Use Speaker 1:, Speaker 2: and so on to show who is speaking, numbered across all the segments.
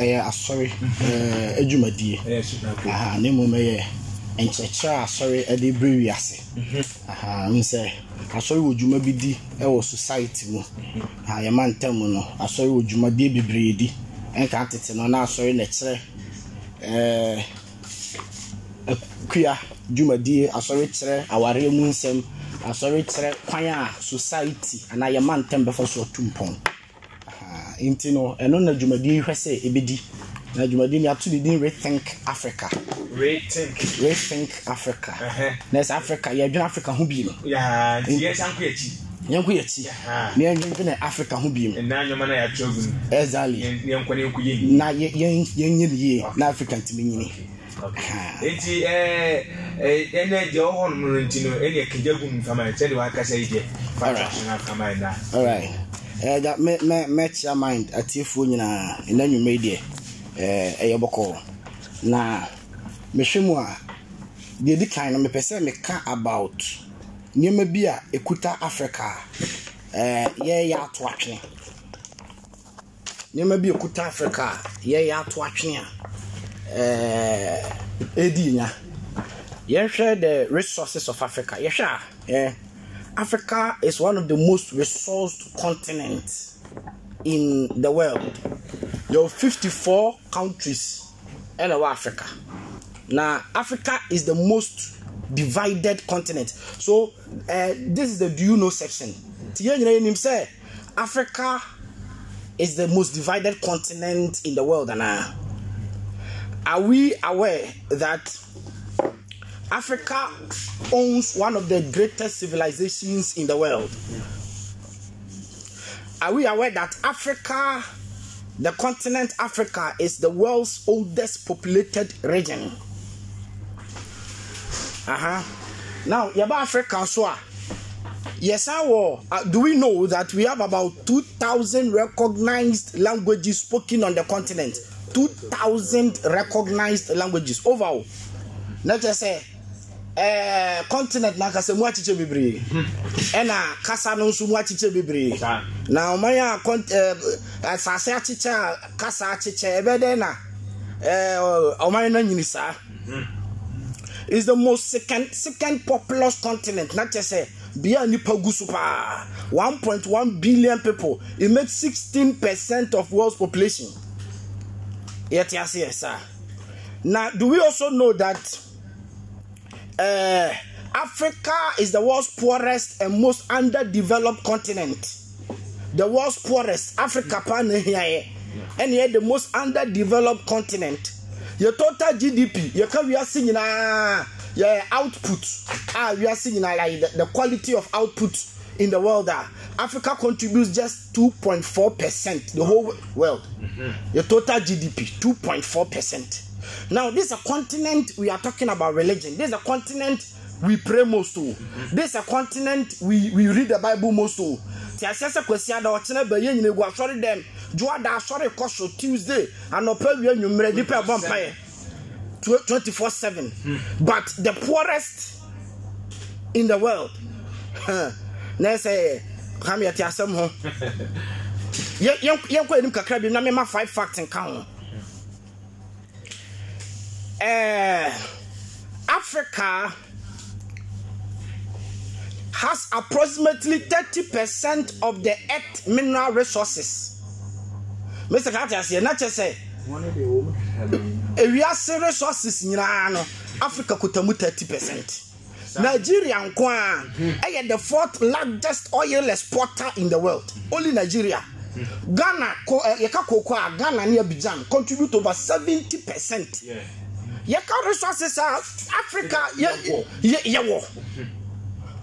Speaker 1: ɛyɛ asɔre adwumadie ne mmom ɛyɛ nkyerɛkyerɛ a asɔre de bere wiase mm-hmm. n sɛ asɔre wɔ dwuma bi di wɔ society mu mm-hmm. yɛma ntam no asɔre wɔ dwumadeɛ bebree di nka tete no na asɔre na ɛkyerɛ akua dwumadie asɔre kyerɛ awareɛ mu nsɛm asɔre kyerɛ kwan a society anaa yɛma ntam bɛfa so ɔtu mpɔn nti no ɛno na dwumadie hwɛ sɛ ɛbɛdi na dwumadie ni ato ne din rethink africa rethink rethink africa na ɛsɛ africa yɛdwene africa ho bi no yɛsanko yɛ akyi yɛnkɔ yɛ akyi na yɛndwene africa ho bi mu exactly na yɛnyɛ ne yie na africa ntimi nyini
Speaker 2: nti ɛnɛ deɛ ɔwɔ hɔ nom no nti no ɛne ɛkagya gu mu fama sɛdeɛ wakasa yi deɛ fa traction afama ɛda
Speaker 1: ɛda eh, mɛ mɛ mɛkyia mind atiefoɔ nyinaa ɛna nnwuma eh, eh, yi deɛ ɛɛ ɛyɛ bɔkɔɔ na mehwɛ mu a deɛ di kan no mepɛ sɛ meka about nneɛma bi a ekuta africa ɛɛ yɛyɛ ato atwene nneɛma bi ekuta africa a yɛyɛ ato atwene a ɛɛ edi nya yɛhwɛ the resources of africa yɛhwɛ a ɛɛ. Africa is one of the most resourced continents in the world. There are 54 countries in Africa. Now, Africa is the most divided continent. So, uh, this is the do you know section. Africa is the most divided continent in the world. And are we aware that Africa owns one of the greatest civilizations in the world. Are we aware that Africa, the continent Africa, is the world's oldest populated region? Uh-huh. Now, Yaba Africa, so yes, I uh, do we know that we have about 2,000 recognized languages spoken on the continent? 2,000 recognized languages overall. Let's just say ɛɛ eh, continent n'akasa mu akyikyɛ bebree mhm. ɛna kasa no nso mu akyikyɛ bebree na ɔman a kɔnt ɛɛ eh, asase akyikyɛ a kasa akyikyɛ ɛbɛ dɛ na ɛɛ eh, ɔman no nyini saa mhm. is the most second second populous continent na kyɛ sɛ bia nipa gu so paa one point one billion people e make sixteen percent of world's population yɛ te aseɛ saa na do we also know that uh, Africa is the world's poorest and most underdeveloped continent. The world's poorest, Africa pan here, and yet the most underdeveloped continent. Your total GDP, your can we are seeing uh, your output. Ah, we are seeing uh, like the, the quality of output in the world. Ah, Africa contributes just 2.4 percent. The whole world, mm-hmm. your total GDP, 2.4 percent. Now, this is a continent we are talking about religion. This is a continent we pray most to. This is a continent we, we read the Bible most to. Tiasese kwesi ada ọkyene bẹyẹ nyina egu asọri dẹm juada asọri kọsọ Tuesday anọpẹ wia nyumire nipa ẹbọ mpa yẹ twenty four seven but the poorest in the world na ẹsẹ yẹ kam yẹ ti asẹm ho yẹ yẹ nkọ enim kakra bi na mẹ ma five facts nka ho. uh, Africa has approximately 30% of the earth mineral resources. Mr. Carter, you're not just saying. ewiase resources nyinaa no africa kuta mu thirty percent nigeria nko a ɛyɛ the fourth largest oil exporter in the world only nigeria hmm. ghana eh, yɛka kooko a ghana ne abidjan contribute over seventy percent yeah yɛka resources a africa yɛwɔ hmm.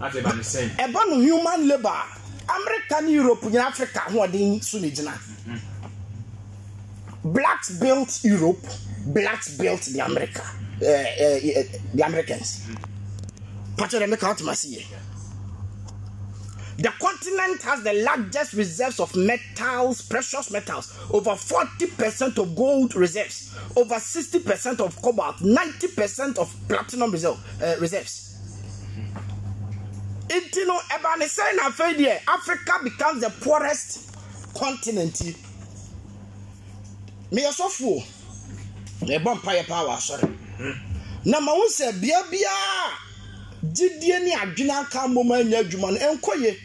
Speaker 1: ɛba no human labour america ne europe nyina africa ahoɔden so ne gyina hmm. Black belt europe black belt the america uh, eh, uh, eh, uh, eh, the americans pakyɛ dɛ meka wotoma seyɛ The continent has the largest reserves of metals, precious metals, over 40% of gold reserves, over 60% of cobalt, 90% of platinum reserve, uh, reserves. Nti no ɛba ne sɛn na afei deɛ Africa becomes the poorest continent yi. Meyɛ sɔfoɔ na ɛbɔ mpa yɛ paa wɔ asɔre. Na ma wo sɛ bea biara gyidie ne adwene aka mmom anya adwuma no ɛnkɔ yie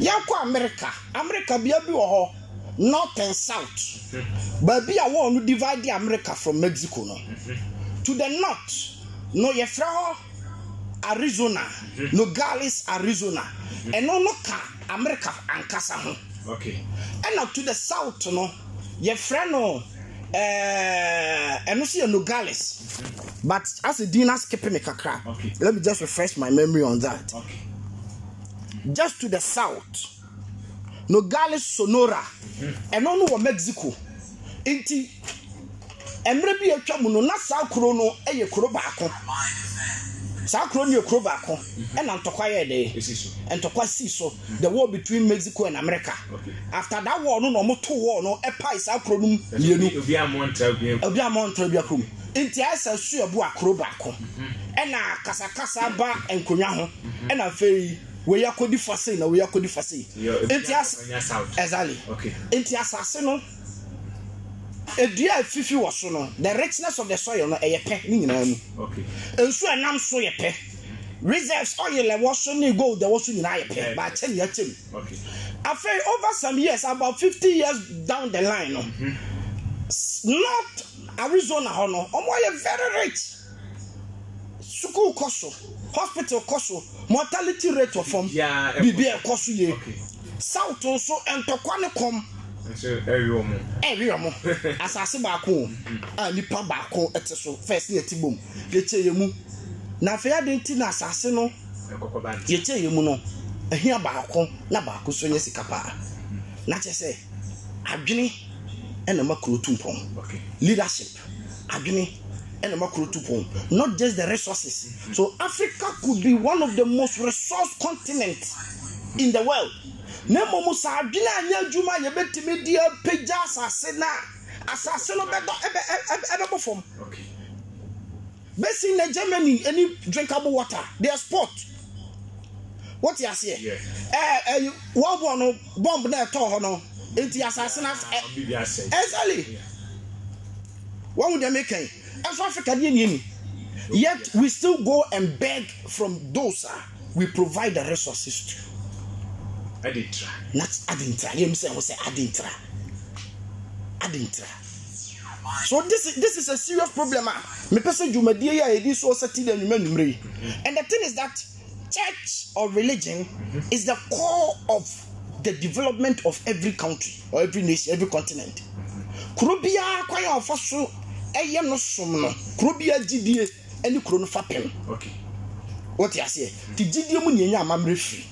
Speaker 1: yɛnkɔ america america bia bi wɔ hɔ north and south baabi a wɔn no divide america from mexico no to the north no yɛfrɛ hɔ arizona nogales arizona ɛno no ka america ankasa ho ɛna to the south no yɛfrɛ no eh, ɛno uh, so yɛ nogales mhm. but as a dinner skipping me kakra let me just refresh my memory on that. Okay. just to the south nogales sonora ɛno no wɔ mexico nti mmerɛ bi atwa mu no na saa kuro no yɛ kuro baako saa kuro no yɛ kuro baako ɛna ntɔkwa yɛ de ntɔkwa si so the war between mexico and america okay. after that war no na wɔn to war no ɛpae saa kuro no mmienu
Speaker 2: obi a mɔntara
Speaker 1: bi akuro mu nti ayɛsɛ su yɛ bu akuro baako mhm. ɛna kasakasa ba nkonnwa ho ɛna yi. wei akɔdi fa sei na wei akɔdi fa nti ase exactly nti asase no edua efifi wɔ so no the richness of the soil no ɛyɛ pɛ ne nyinaa mu nsu ɛnam so yɛ pɛ reserves oil ɛwɔ so ne gold ɛwɔ so nyinaa yɛ pɛ baakyɛ ne yɛkyɛ mu afei over some years about fifty years down the line no mm-hmm. north arizona hɔ no ɔmo yɛ very rich sukuu kɔ so hospital kɔ so mortality rate wɔ fam biribi a ɛkɔ so yie south nso ntɔkwa ne kɔm ɛwi ɔmo asase baako mm-hmm. a nipa baako ɛte so first ne ɛte bom yɛkyɛ yɛ mu na afei adi nti na asase no yɛkyɛ yɛ mu no ɛhia baako na baako so nyɛ sika paa mm-hmm. na kyɛ sɛ adwene ɛna ma kuro tumpɔn leadership adwene enema kurutupon not just the resources so africa could be one of the most resource continent in the world na mmom saa adwene anya adwuma yɛbɛtumi de apagya asase no a asase no bɛdɔ ɛbɛbɔ fam bɛsi na germany any drinkable water They are sport wɔte aseɛ ɛɛ ɛyi wɔbɔ no bɔmb na ɛtɔ hɔ no nti asase no ɛsɛli wɔn mu deɛ meka yi. As africa deɛ yet we still go and beg from those ah, we provide the resources to. adentra. not adentra yẹn mi sẹ ẹ wọ sẹ adentra so this is this is a serious problem ah mepɛ sɛ dwumadie yi a yɛdi so ɔsɛ ti dɛ and the thing is that church or religion mm-hmm. is the core of the development of every country or every nation every continent mm-hmm. kuro biara kwan ɛyɛ no som no kuro bi agyidie ɛne kuro no fapem wɔte aseɛ te gyidie mu nea ɛnya amammerɛ firi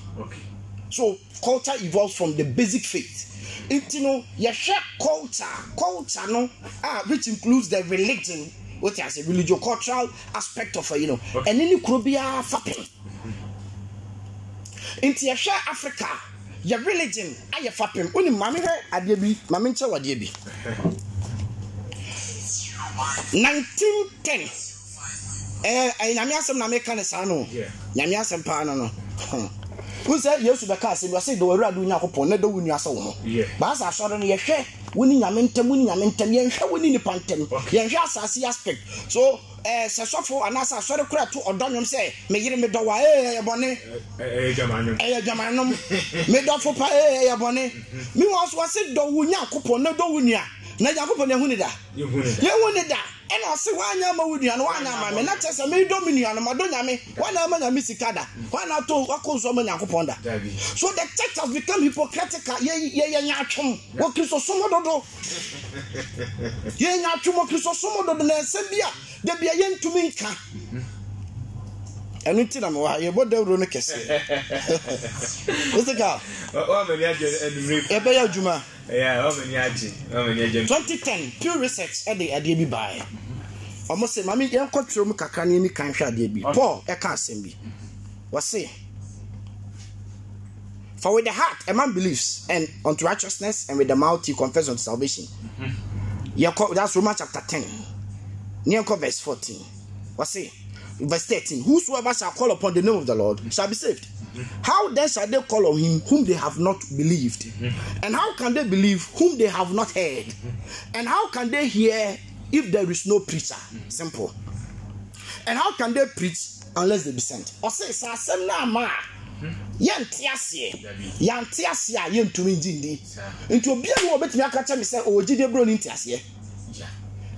Speaker 1: so culture evolves from the basic faith nti no yɛhwɛ culture culture no ah which includes the religion wɔte aseɛ religious cultural aspect of you know ɛne ne kuro biara fapem nti yɛhwɛ africa yɛ religion ayɛ fapem wɔn ni maame hwɛ adeɛ bi maame nkyɛn adeɛ bi. nineteen ten ɛɛ eh, ɛɛ eh, nyame asɛm na meka ne saa no nyame asɛm paa no no n hmm. sɛ yesu bɛka asɛm bi ɔsɛ dɔwɔ awurade onyankopɔn na dɔwɔ nua sɛ wo ho baasa asɔre no yɛhwɛ wo ne nyame ntam wo ne nyame ntam yɛnhwɛ wo ne nipa ntam yɛnhwɛ asase aspect so ɛɛ eh, sɛ sɔfo anaasɛ asɔre kora to ɔdɔ nwom sɛ meyere me dɔwɔ ɛɛ ɛyɛ
Speaker 2: bɔne ɛyɛ
Speaker 1: adwamanom medɔfo pa ɛɛ ɛyɛ bɔne mm-hmm. mewɔ so wɔsɛ dɔwɔ onyankopɔn na dɔwɔ nua na nyankopɔn yɛhu ne da
Speaker 3: yɛhu
Speaker 1: ne da ɛna ɔse woanyɛ ama wo nnuano woanyɛ ama me na kyerɛ sɛ meedɔ me ma madɔ nyame woana ama nyame sika da woana atɔ wakɔ nso ama nyankopɔn da so the church has become hypocritical yɛyɛ nyaatwom wɔ kristosom dodo yɛyɛ nyaatwom wɔ kristosom dodo na ɛsɛ bi a da bia nka ɛno nti na wa ha yɛbɔ dawuro no kɛseɛ wosika yɛbɛyɛ adwuma
Speaker 2: 2010
Speaker 1: pure research ɛde adeɛ bi baeɛ ɔmo sɛ maame yɛn kɔtwerɛ mu kakra na yɛn kan hwɛ I bi paul say me. bi say? for with the heart a man believes and unto righteousness and with the mouth he confesses unto salvation
Speaker 3: mm-hmm.
Speaker 1: yeah that's romans chapter ten ne verse fourteen say? verse thirteen whosoever shall call upon the name of the lord shall be saved. How then shall they call on him whom they have not believed? And how can they believe whom they have not heard? And how can they hear if there is no preacher? Simple. And how can they preach unless they be sent? Or say, Sir, send now, yɛnte aseɛ yɛnte aseɛ a yɛntumi ngye ndi nti obia ne wɔbɛtumi aka kyɛ me sɛ ɔwɔ oh, gyidie buro ne nteaseɛ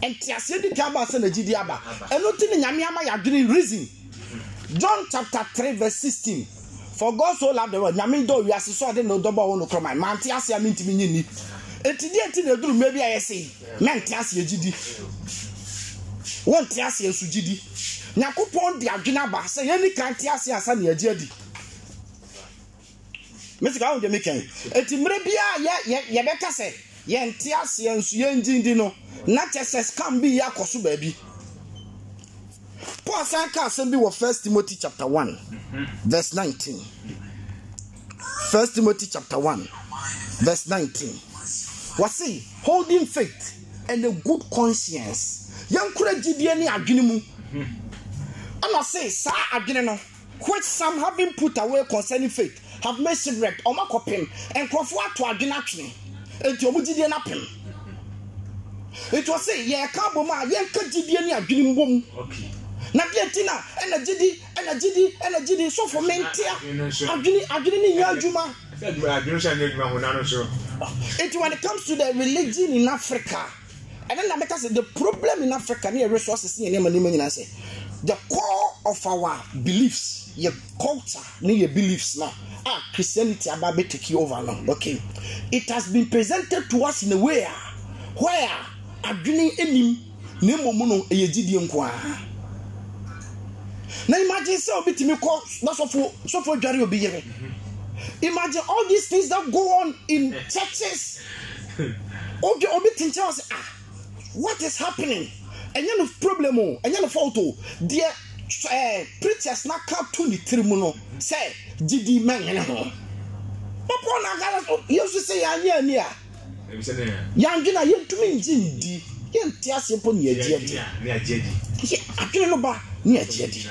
Speaker 1: nteaseɛ di kan baasa na gyidie aba ɛno ti ne nyame ama yɛadwene reason john chapter three verse sixteen for god so love the world nyame dɔ wiase so ɔde ne dɔbɔ wɔn no kurama mante ase a mintimi nye ni eti di eti na eduru mmea bi a yɛse mente ase egyidi wɔnte ase esu gidi nyakopɔn di. adwene aba sɛ yɛn ni kan te ase asa na yɛgye adi mesika ahun dɛmɛ kɛn eti mmerɛ bi a yɛ yɛ yɛbɛka sɛ yɛnte ase nso yɛn gyindi no na kyɛ sɛ scam bi yɛ akɔ so baabi paul san ka asɛm bi wɔ first timothy chapter one, verse nineteen. First timothy chapter one, verse nineteen. 19 wɔse holding faith and a good conscience yɛnkora gyidie ne adwene mu ɛna ɔse saa adwene no which some having put away concerning faith have made shipwreck ɔmo akɔpem nkurɔfoɔ ato adwene atwene nti ɔmo gyidie no apem nti ɔse yɛka abom a yɛnka gyidie ne adwene mbom okay na deɛ ti na ɛna gyidi ɛna gyidi ɛna gyidi sɔfo mɛntia adwini adwini ni nyɛ adwuma. adwini sɛ nyɛ adwuma hona no so. it when it comes to the religion in africa ɛna na mɛka sɛ the problem in africa ne yɛ resources ne yɛ nneɛma nneɛma nyinaa sɛ the core of our beliefs yɛ culture ni yɛ beliefs na Ah christianity aba bɛ take you over now. okay it has been presented to us in a way where adwini anim na emom no ɛyɛ gyidie nkoa na imagine sɛ obi tumi kɔ na sɔfo sɔfo dware obi yere imagine all these things that go on in churches obi obi ti nkyɛn sɛ ah what is happening ɛnyɛ no problem o ɛnyɛ no fault o deɛ ɛɛ eh, preachers na ka to ne tiri mu no sɛ didi mɛnyɛn ho pɔpɔ na gara yesu sɛ yanyɛ ani a yandwi na yɛntumi ngye ndi yɛnte ase mpo ne yɛgye
Speaker 2: adi
Speaker 1: sɛ adwene no ba ne akyi adi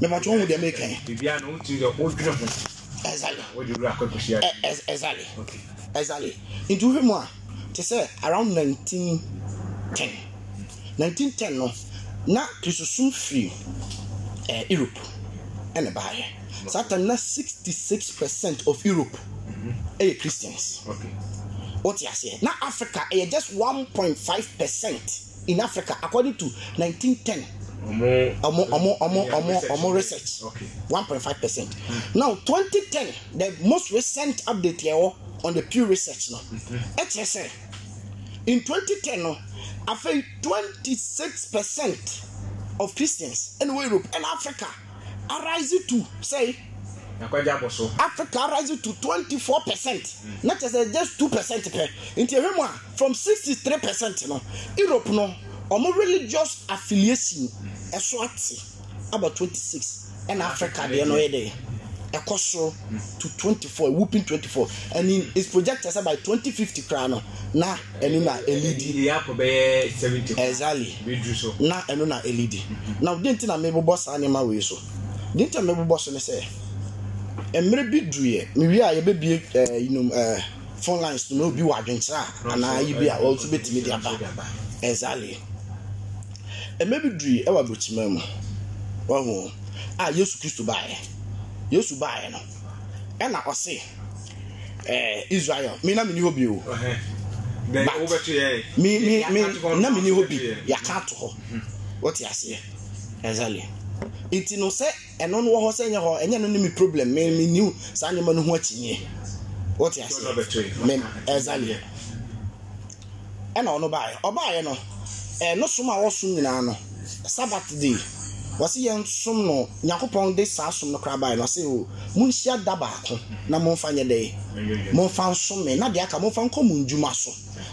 Speaker 1: mɛbatwe wo deɛ meka exactly exactly nti wohwɛ mu a te sɛ around 1910 1910 no na kristosom firi eh, europe ɛne e baayɛ saa na 66 percent of europe mhm. ɛyɛ mm -hmm. christians okay wote aseɛ na africa ɛyɛ eh, just 1.5 percent in africa according to 1910 ọmọ ọmọ ọmọ ọmọ ọmọ research one point five percent hmm. now twenty ten the most recent update yẹ oh, on the pew research no ẹ kyerẹ sẹ in twenty ten no afei twenty six percent of christians ẹni wọ europe and africa arise to say africa rising to 24 percent not just sɛ uh, just two percent pɛ nti ɛhwɛ mu a from 63 percent no europe no ɔmo religious affiliation ɛso ate aba 26 ɛna africa deɛ no yɛ deɛ ɛkɔ soro to 24 whooping 24 and in is projected sɛ by 2050 koraa no na ɛnu na elidi exactly na ɛnu na elidi na ɔdi nti na mebobɔ saa nneɛma wei so di nti na mebobɔ so ne sɛ mmerɛ bi duiɛ mewie a yɛbɛbie ɛɛ eh, yinom ɛɛ eh, phone lines no na obi wɔ adwenkyerɛ a anaa yi bi a wɔnso bɛtumi de aba ɛzali mmerɛ bi duiɛ ɛwɔ aburukyima mu wɔho a yesu kristo baeɛ yesu baeɛ no ɛna ɔse ɛɛ eh, israel mi na mi ni hɔ bi o but mi mi mi na mi ni hɔ bi yaka ato hɔ mhm. wɔte aseɛ ɛzali. nti no sɛ ɛno no wɔ hɔ sɛ nyɛ hɔ ɛnyɛ no ne mi problem me me niw saa nneɛma no ho akyinyɛ wɔte aseɛ me ɛzaliɛ ɛna ɔno baayɛ ɔbaayɛ no ɛno som a wɔsom nyinaa no sabat day wɔsi yɛn som no nyakopɔn de saa som no koraa baayɛ no ɔsi o mo nhyia da baako na mo nfa nyɛ
Speaker 3: dɛ mo
Speaker 1: nfa na deɛ aka mo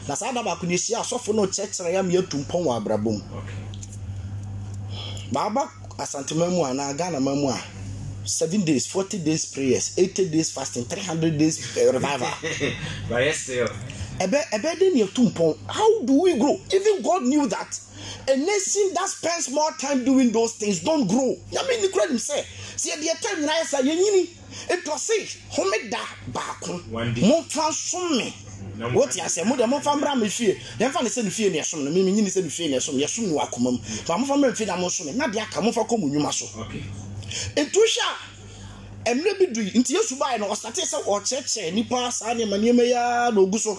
Speaker 1: na saa da baako na ehyia asɔfo no kyerɛkyerɛ asantema mu anaa ghana ma mu a seven days forty days prayers eighty days fasting three hundred days uh, revival. ɛbɛ ɛbɛ de ne etu mpɔn how do we grow even god knew that a nation that spends more time doing those things don grow nyame ni kura nim sɛ si ɛdi ɛtɛ nyinaa yɛ sa yɛ nyini etu ɔsi homeda baako mo fa sunmi wote asɛ mo deɛ momfa mmra me fie yɛmfa ne sɛ ne fie ne ɛsom no memenyi ne sɛ ne fie ne ɛsom yɛsom ne wakoma mu ba mm. momfa mmra me fie na mosome na deɛ aka momfa kɔ mo nnwuma so ɛtu hyɛ a mmerɛ bi dui nti yɛsu baeɛ no ɔsate sɛ ɔkyerɛkyerɛ nnipa saa nneɛma nneɛma yi a na ɔgu so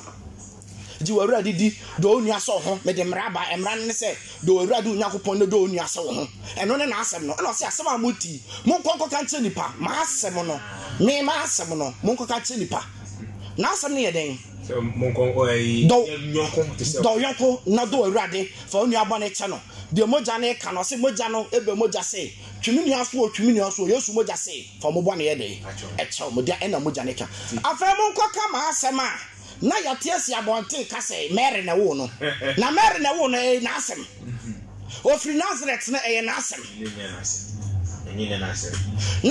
Speaker 1: gye wɔawura didi dɔ wo nua sɛ ho mede mmara ba mmara no ne sɛ dɔ wɔawura de onyankopɔn ne dɔ wo nua sɛ wo ɛno ne n'asɛm no ɛna ɔsɛ asɛm a motii monkɔ nkɔka nkyerɛ nipa maasɛm no me maasɛm no monkɔka nkyerɛ nipa n'asɛm no yɛ dɛn dɔ yɔnko na do awurade fa wo nua bɔ ne kyɛ no deɛ mogya ne ka no ɔse mogya no ɛbɛ mogya se twimi nua so wɔ twimi nua so yesu mogya se fa mo bɔ ne yɛ de ɛkyɛw mo deɛ ɛna mogya ne ka afei monkɔ kama asɛm a na yɛte esi abɔnten ka sɛ mary na wo no na mary na wo no ɛyɛ n'asɛm mhm. ofiri nasaret no ɛyɛ
Speaker 2: n'asɛm na asɛm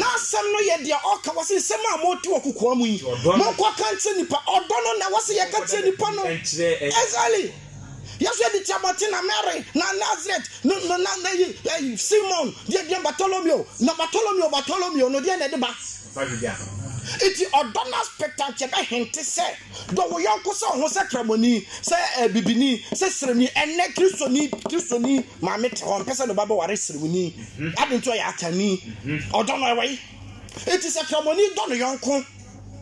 Speaker 1: no yɛ deɛ ɔka wɔ se nsɛm a mɔte wɔ kokoa mu yi monkɔ ka nkyerɛ nnipa ɔdɔ no na wɔ se yɛka kyerɛ nnipa no exactly yɛsɛ de tiamate na mary na nazaret simon deɛ deɛ bartolomeo na bartolomeo bartolomeo no deɛ na ɛde ba nti ɔdɔ no aspect ankyɛ bɛhente sɛ dɔ wo yɔnko sɛ ɔho sɛ kramoni sɛ abibini eh, sɛ seremni ɛnɛ kristoni kristoni maame te hɔ mpɛ sɛ ne babɛ ware seremni mhm. ade nti ɔyɛ atani ɔdɔ mhm. no ɛwɔ yi nti sɛ kramoni dɔ no yɔnko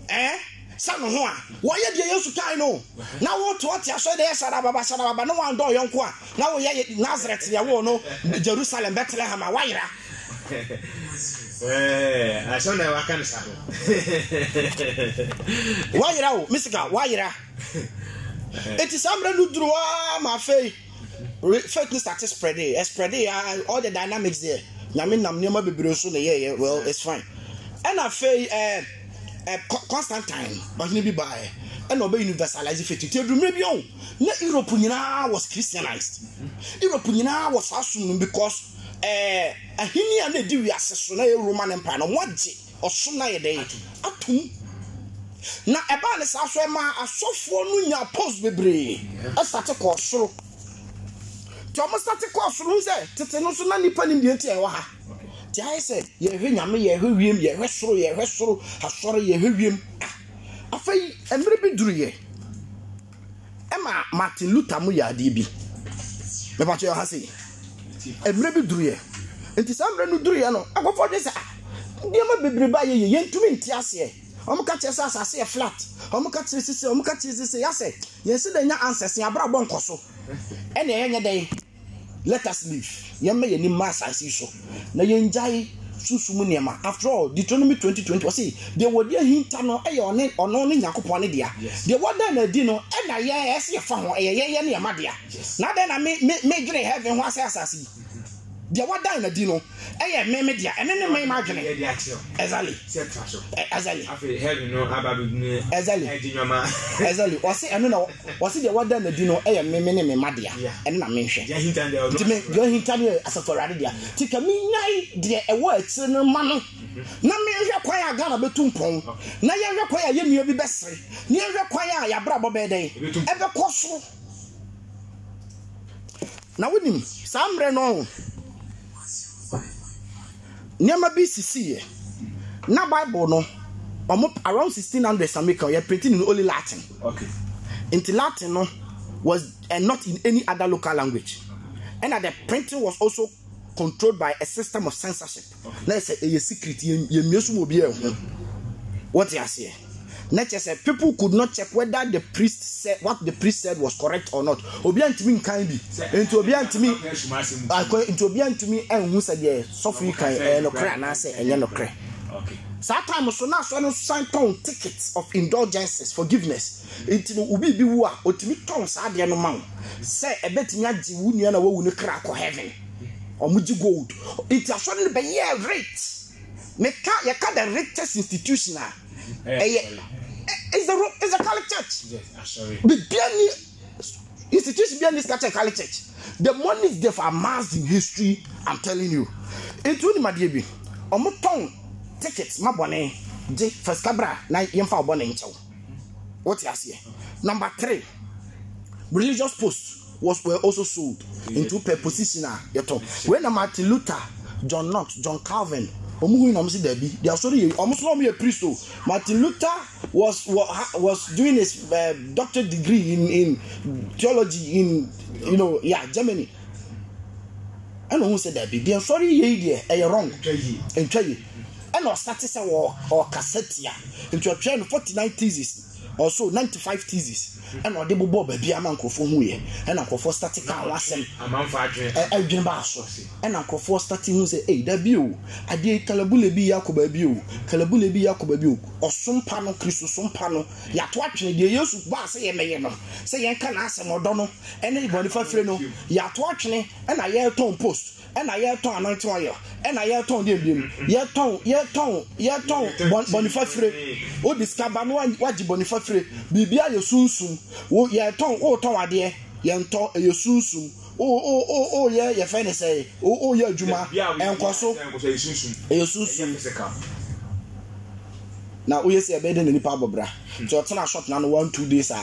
Speaker 1: ɛɛ eh? sɛ no ho a wɔyɛ deɛ yesu kan no na woto ɔte asɔre deɛ yɛ sadababa sadababa ne wandɔ yɔnko a na woyɛ nasaret deɛ wɔ no jerusalem bɛtlehem a wayera
Speaker 2: asɛm na waka no
Speaker 1: saa wayera wo misika wayera ɛti eh. saa mmerɛ no duru a ma afei fake news start spread it eh, eh, spread it ah, all the dynamics there nyame nam nneɛma bebree so na yɛyɛ well it's fine ɛna afei ɛɛ ɛ constantine ɔhene bi baeɛ ɛna ɔbɛ universalize faith nti edumire bi ɔn na europe nyinaa was christianized europe nyinaa was asum because. Eh, ahini a na edi wiase so na yɛ roman empire na wɔn agye ɔso na yɛ dɛ atum na ɛbaa ne saa so ɛma asɔfoɔ no nya post bebree ɛsate kɔ soro tí wɔn sate kɔ soro sɛ tete no so na nipa nim deɛ ti ɛwɔ ha tí ayɛ sɛ yɛhwɛ nyame yɛhwɛ wiem yɛhwɛ soro yɛhwɛ soro asɔre yɛhwɛ wiem afei mmerɛ bi duru yɛ ɛma martin luther mu yɛ adeɛ bi mɛpatɛ ɔha sɛ yi. mmerɛ bi duruiɛ nti saa mmerɛ no duruiɛ no akɔfɔ de sɛ nneɛma bebrebe a yɛyɛ yɛntumi nte aseɛ wɔn ka kyerɛ sɛ asase yɛ flat wɔn ka kyerɛ sisi wɔn ka kyerɛ sisi yasɛ yɛn si dɛ nya ansɛsɛn abrabɔ nkɔ so ɛna ɛyɛ nyɛ dɛ let us live yɛn mɛ yɛn ni mma asase so na yɛn gyae sunsum nneɛma after all deuteronomy twenty twenty wɔsi deɛ wɔde ahinta no ɛyɛ ɔne ɔno ne nyankopɔn ne dea deɛ wɔda na di no ɛna yɛ ɛsɛ yɛ fa ho ɛyɛ yɛyɛ nneɛma dea na dɛn na me me me dwere heaven ho asɛ asase yi. deɛ wada na di no ɛyɛ mmɛmɛ deɛ ɛne ne mmɛmɛ adwene ɛzali ɛzali ɛzali ɛzali ɔsi na ɔsi deɛ wada yi na di no ɛyɛ mmɛmɛ ne mmɛmɛ deɛ ɛne na mmɛnhwɛ nti deɛ ɔhinta deɛ deɛ mi nyae deɛ ɛwɔ akyire no ma no mhm. na kwan a ghana bɛtu mpɔn oh. na kwan a bi na kwan a ɛbɛkɔ so na wonim saa mmerɛ no nneɛma bi sisiiɛ na bible no wɔn around sixteen hundred samika yɛ printing in only latin okay. nti latin no was uh, not in any other local language ɛna the printing was also controlled by a system of censorship na ɛsɛ ɛyɛ secret yɛ yɛ mmienu so wɔ bi yɛ ho wɔte aseɛ n'ekyɛ sɛ people could not check whether the priest said what the priest said was correct or not obi antumi nkan bi nti obi antumi akɔ nti obi antumi ɛnhu sɛ deɛ sɔfo yi kan ɛyɛ nɔkorɛ anaasɛ ɛnyɛ nɔkorɛ saa time so naa sɔɔ no san tɔn ticket of indulgences forgiveness nti no obi bi wu a otumi tɔn saa deɛ no ma wo sɛ ɛbɛtumi agye wu nua na wawu ne kra kɔ heaven ɔmo gye gold nti asɔre no bɛyɛ rate meka yɛka the richest institution a ɛyɛ eh, eh, eh, it's the room the Catholic church ah, bibia ni institution bia ni church, Catholic church the monies they have amassed in history i'm telling you etu ni madeɛ bi ɔmo tɔn ticket ma bɔnɛ gye first cabra na yɛn fa ɔbɔ ne nkyɛw wɔte aseɛ number three religious post was were also sold into per position a yɛtɔ wɛna martin luther john knox john calvin wɔn hu yi na wɔn si dɛbi deɛ asɔre yɛ wɔn so na wɔn yɛ priest o martin luther was was was doing his uh, doctorate degree in in theology in you know yeah germany ɛna ohun sɛ dabi deɛ nsɔre yie yi deɛ ɛyɛ wrong ntwa yie ɛna ɔsate sɛ wɔ ɔkasa tia ntwa twɛ no forty nine thesis ɔso ninety five thesis ɛna ɔde bobɔ baabi ama nkurɔfoɔ hu yɛ ɛna nkurɔfoɔ start ka ho asɛm ɛdwene baa so ɛna nkurɔfoɔ start hu sɛ ɛyi dabi o adeɛ kalabule bi yɛ akɔ baabi o kalabule bi yɛ akɔ baabi o ɔsompa no kristu sompa no yɛato atwene deɛ yesu baa sɛ yɛ mɛyɛ no sɛ yɛn ka n'asɛm ɔdɔ no ɛne bɔnnifa fire no yɛato atwene ɛna yɛretɔn post ɛna yɛretɔn anointing oil ɛna yɛtɔn deɛ biem yɛtɔn yɛtɔn yɛtɔn bɔnifa fire o disikaba no wagye bɔnifa fire biribi ayɛ sunsun o yɛtɔn o tɔn adeɛ yɛntɔ ɛyɛ sunsun o o o o yɛ yɛfɛ ne sɛ o o yɛ adwuma ɛnkɔso ɛyɛ sunsun na o yɛ sɛ ɛbɛyɛ de na nipa abɔ nti ɔtena asɔtena no one two days a.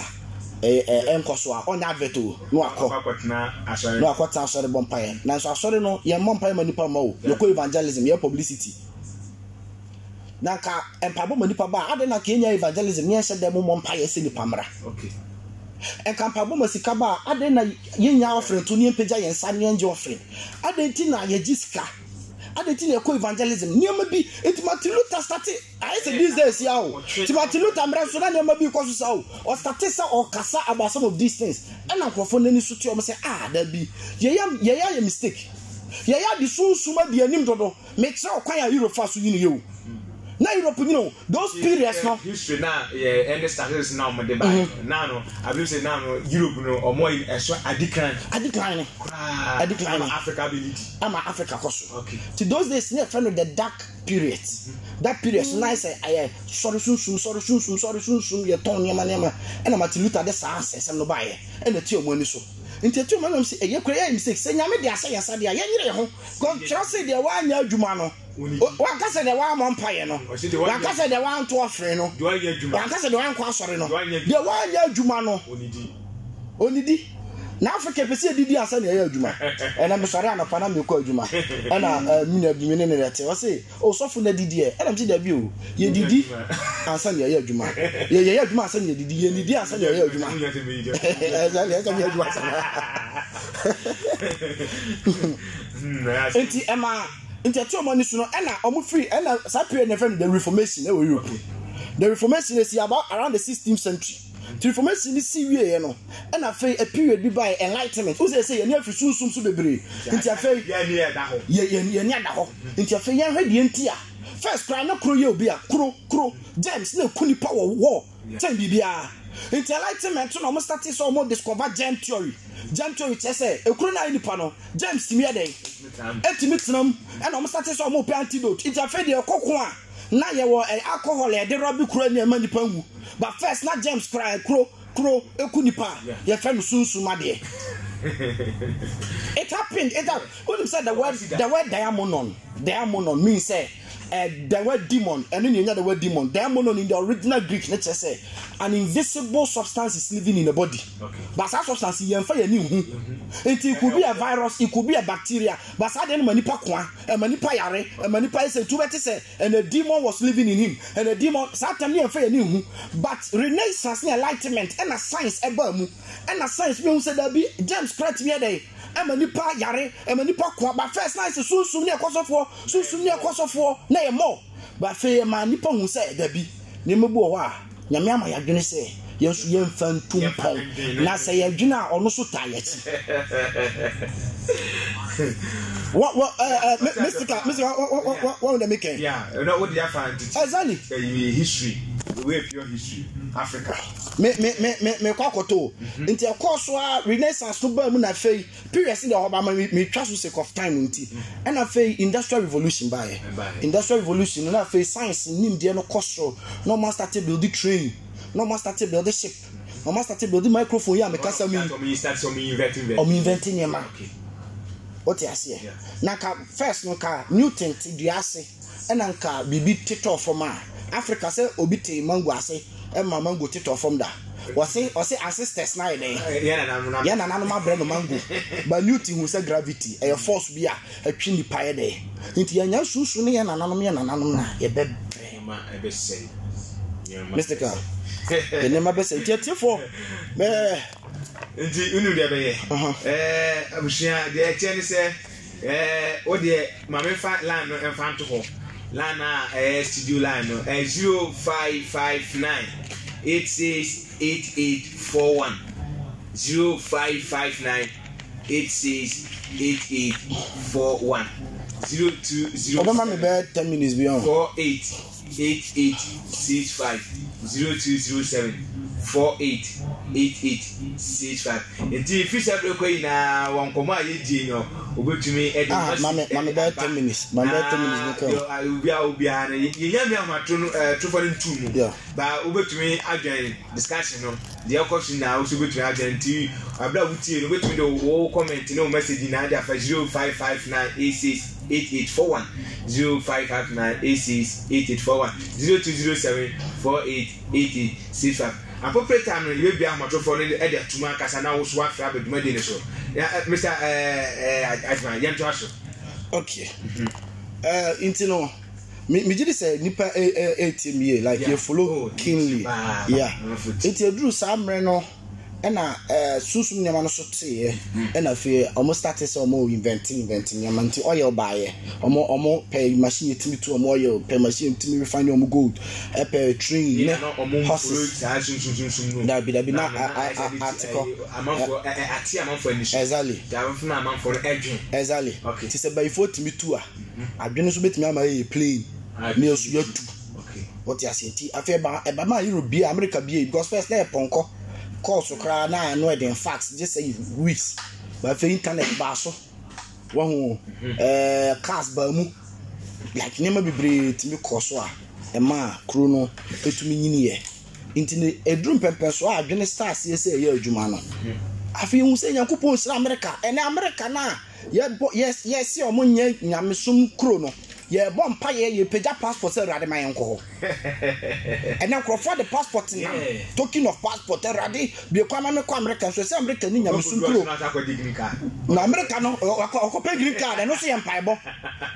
Speaker 1: Eh, eh, eh, nkɔ so a ɔnyɛ advert o na wakɔ na wakɔtena asɔre bɔ mpaeɛ nanso asɔre no yɛn mmɔ mpaeɛ ma nipa ma o yɛkɔ evangelism yɛ publicity na nka mpaboa ma nipa ba adi na ka enya evangelism yɛn hyɛ dɛm mmɔ mpaeɛ sɛ nipa mra nka mpaboa ma sika ba adi na yɛn nya ɔfrɛ nto ne mpagya yɛn nsa ne yɛn gye ɔfrɛ adi nti na yɛgye sika adɛti na ɛkɔ evangelism nneɛma bi timati luther starte ayɛ sɛ these days yà o timati luther mmerɛ nso na nneɛma bi kɔ so sa o ɔstate sɛ ɔkasa about some of these things ɛna nkurɔfoɔ n'ani so te ɔmo sɛ ah dabi yɛyɛ yɛyɛ ayɛ mistake yɛyɛ adi sunsun adi anim dodo mɛkyerɛ ɔkwan a europe fa so yi ni yɛ o na europe you know those periods no.
Speaker 2: history na ɛn de statistics na ɔmo de ba na no abiru say na
Speaker 1: no europe no ɔmo ɛso adikan. adikan ni adikan ni ama africa bi ni di. ama africa kɔ so ti those days ne fɛn no the dark period mm-hmm. that period mm. eh, eh, so na sɛ ɛyɛ sɔre sunsun sɔre sunsun sɔre sunsun yɛ tɔn nneɛma nneɛma ɛna ma ti luta de saa asɛsɛm no ba yɛ ɛna ti ɔmo ani so nti etu ɔmo anam sɛ ɛyɛ kura yɛ mistake sɛ nyame de asɛ yɛ sa deɛ yɛn nyere yɛ ho kɔntwɛrɛ sɛ deɛ wanya adwuma no de wankasa deɛ wamɔ mpaeɛ no wankasa deɛ wanto ɔfere no wankasa deɛ wankɔ asɔre no deɛ wanyɛ adwuma no onidi n'afrika pese edidi asa na ɛyɛ adwuma ɛna mesɔre anapa na mekɔ adwuma ɛna mina bi mene ne nɛte ɔse osɔfo na didi ɛ ɛna mte dabi o yɛdidi ansa na ɛyɛ adwuma yɛyɛ adwuma ansa na yɛdidi yɛnidi ansa na ɛyɛ adwuma ɛsɛ yɛ adwuma ansa hmm, nti ɛma nti ɛte ɔmo ani so no ɛna ɔmo firi ɛna saa period na fɛn the reformation ɛwɔ europe the reformation esi about around the sixteenth century The reformation ni si wie yɛ no ɛna afei a period bi baa enlightenment o sɛ sɛ yɛn ni afi sunsun so bebree nti afei yɛn ni ɛda hɔ yɛn ni ɛda hɔ mm-hmm. nti afei yɛn hwɛ deɛ nti a first kura ne kuro yɛ obi a kuro kuro james ne ku nipa wɔ wɔ kyɛn nti enlightenment na ɔmo start sɛ ɔmo discover germ theory germ theory kyerɛ sɛ ekuro naa nipa no germs tìmi yɛ dɛ etimi tenam ɛna ɔmo start sɛ ɔmo pe antidote nti afei deɛ ɛkɔko a na yɛ wɔ ɛyɛ eh, alcohol yɛde rɔbi kuro ni ɛma nipa nwu but first na germs kura eh, kuro kuro eku nipa yɛfɛ no sunsun adeɛ it happened it happened wọ́n ti sẹ́ the word the word diamonon diamonon mean sẹ́ uh, the word demon ɛno ne ɛnya the word demon demon in the original greek ne kyerɛ sɛ an invisible substance is living in the body okay. but saa substance yɛmfa yɛn ni hu nti it could be a virus it could be a bacteria but saa deɛ no ma nipa koa ɛma nipa yare ɛma nipa yɛ tu bɛ te sɛ and the demon was living in him and the demon saa tam ne yɛmfa yɛn ni hu but renaissance ne enlightenment ɛna science ɛbaa mu ɛna science bi hu sɛ dabi james kret mi yɛ dɛ ɛma nipa yare ɛma nipa ko aba first na ɛsɛ sunsun ne ɛkɔsɔfoɔ sunsun ne ɛkɔsɔfoɔ na ɛyɛ mɔ ba afei ɛma nipa hu sɛ ɛdabi nneɛma bi wɔ hɔ a nyame ama yɛ adwene sɛ yɛn nso yɛmfa ntu mpɔn na sɛ yɛdwene a ɔno so ta yɛkyi what what uh, uh, Mr. Mr. What, what, what, what, what would I make it? Yeah,
Speaker 2: no, what do you find? Exactly. Uh, history, the way of your history, Africa.
Speaker 1: Me me me me me kwa koto. Mhm. Nti ɛkɔ so a renaissance no baa mu na afei period si de ɔba ma me twa so sake of time nti. Mhm. Ɛna afei industrial revolution baa Industrial revolution na afei science nim deɛ no kɔ soro na ɔmo start build train na ɔmo asate bɛɔde ship ɔmo asate bɛɔde microphone yi a meka sɛ
Speaker 2: ɔmo inventi nneɛma
Speaker 1: wote aseɛ na ka first no ka newton te dua ase ɛna nka biribi tetɔ fam a africa sɛ obi te mango ase eh, ɛma mango tetɔ fam da wɔsi wɔsi asistɛs na yɛ dɛn yɛ nananom abrɛ no mango ba newton hu sɛ gravity ɛyɛ eh, force bi a ɛtwi nipa yɛ dɛn nti yɛn nyɛ sunsun ne yɛ nananom yɛ nananom na yɛ bɛ
Speaker 2: brɛ mystical nneɛma
Speaker 1: bɛsɛ nti atiefoɔ mɛ.
Speaker 2: nti unu deɛ bɛyɛ ɛɛ eh, abusua deɛ ɛkyɛ ne sɛ ɛɛ eh, o deɛ maame fa line no ɛnfa nto hɔ line a ɛyɛ studio line no ɛyɛ eh, zero five five nine eight six eight eight four one zero five five nine eight six eight eight four one zero two zero.
Speaker 1: ọbẹ̀ ten minutes beyond. four
Speaker 2: eight eight eight six five zero two zero seven four eight eight eight six five nti fisa bere kɔ nyinaa wɔn nkɔmɔ a yɛdie no obetumi ɛdi ah, ma si ɛdi ba maame bɛyɛ ten minutes maame bɛyɛ ten minutes bi kɛ o obiara obiara no yɛnyɛ mi ahomatoro eh, no ɛɛ tofɔ ne mu ba obetumi adwɛn discussion no deɛ ɛkɔ so nyinaa nso bɛtumi agya nti abira wutie no bɛtumi de wo comment ne wo message nyinaa de afa zero five five nine eight six eight eight four one zero five five nine eight six eight eight four one zero two zero seven four eight eight six five appropriate time no yɛ bi ahomatofo no ɛde atuma akasa na woso afra abɛduma de ne so mr ɛɛ ɛɛ adwuma yɛn to aso.
Speaker 1: okay mm-hmm. Uh, into no me di sɛ nipa ɛɛtie e, mi yie like yɛ follow oh, keenly yeah eti eduru saa mmerɛ no ɛna ɛɛ sunsun nneɛma no so teeɛ mm-hmm. ɛna afei ɔmo start sɛ ɔmo invent invent nneɛma nti oil baayɛ ɔmo ɔmo pɛ machine timi tu ɔmo oil pɛ machine timi refine ɔmo gold ɛpɛ train ne horses dabi dabi na a a atikɔ ati amanfo anisu exactly amanfo na amanfo ɛdwin exactly ti sɛ bayifo timi tu a mm-hmm. adwene nso betumi ama yɛ plane ne nso yɛtu wɔte aseɛ nti afei ba ɛba e maa europe bie america bie because first na yɛ pɔnkɔ kɔɔso koraa na ano ɛden e fax gye sɛ weeks ba afei internet baa so wɔho ɛɛ mm-hmm. eh, cars baa mu like nneɛma bebree tumi kɔɔ so a ɛmaa e kuro no etumi nyini yɛ nti ne eduru mpɛmpɛ so a adwene stars yɛ sɛ ɛyɛ adwuma no
Speaker 3: mm-hmm.
Speaker 1: afei ehu sɛ nyankopɔn sira america ɛnɛ america naa yɛ bɔ yɛ yɛ si ɔmo nyɛ nyamesom kuro no yɛbɔ mpa yɛ yɛpagya passport sɛ awurade ma yɛnkɔ hɔ ɛnɛ nkurɔfoɔ de passport nam token of passport awurade biekɔ ama mekɔ amerika nso sɛ amerika ne nyame so nkuro na amerika no ɔkɔpɛ green card ɛno so yɛ mpaebɔ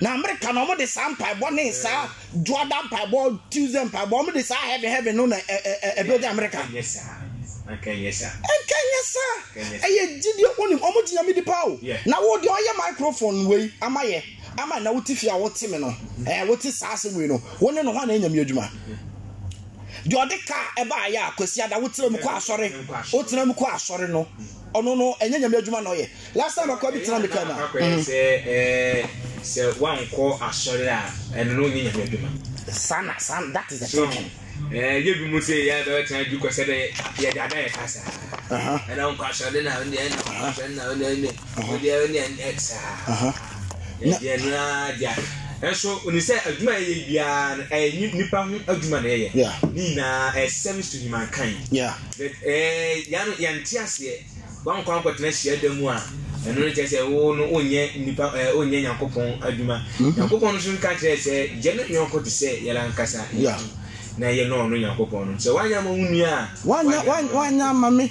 Speaker 1: na amerika no ɔmode saa mpaebɔ ne saa duada mpaebɔ tuesday mpaebɔ ɔmode saa heavy heavy no na ɛbɛgya amerika ɛnkɛnyɛ saa ɛyɛ gyidie wonim ɔmo gyina mi di paa o na wo deɛ ɔyɛ microphone wei ama yɛ ama na wote fie a wote mi no ɛɛ mm-hmm. eh, wote saa asɛm wei no wo ne no hɔ a na ɛnyam yɛ adwuma mm-hmm deɛ ɔde ka ɛbaa yɛ a kwasi ada wotena mu kɔ asɔre wotena mu kɔ asɔre no ɔno no ɛnyɛ nyame adwuma na ɔyɛ last time akɔ bi tena mi kan na. sɛ
Speaker 2: ɛɛ sɛ wankɔ asɔre a ɛno no nyɛ nyame adwuma.
Speaker 1: sana sana
Speaker 2: that is the thing. ɛɛ yɛ bi mu sɛ yɛ bɛ tena ju kɔsɛ dɛ yɛ dada yɛ ka saa ɛna nkɔ asɔre na ɔne ɛna nkɔ asɔre na ɔne ɛne ɔne ɛne ɛne saa yɛ deɛ naa deɛ ɛnso oni sɛ adwuma yɛ biara no ɛyɛ nipa ho adwuma na ɛyɛ ne nyinaa ɛyɛ service to human kind but ɛɛ yano yante aseɛ wɔn kwan kɔtena hyia da mu a ɛno no kyerɛ sɛ wo no wonyɛ nipa ɛɛ wonyɛ nyankopɔn adwuma hmm? nyankopɔn no so nka kyerɛ sɛ gye ne nyɔnko te sɛ yɛla nkasa na yɛ no ɔno nyankopɔn no
Speaker 1: sɛ wanyɛ ama wo nua a wanyɛ ama me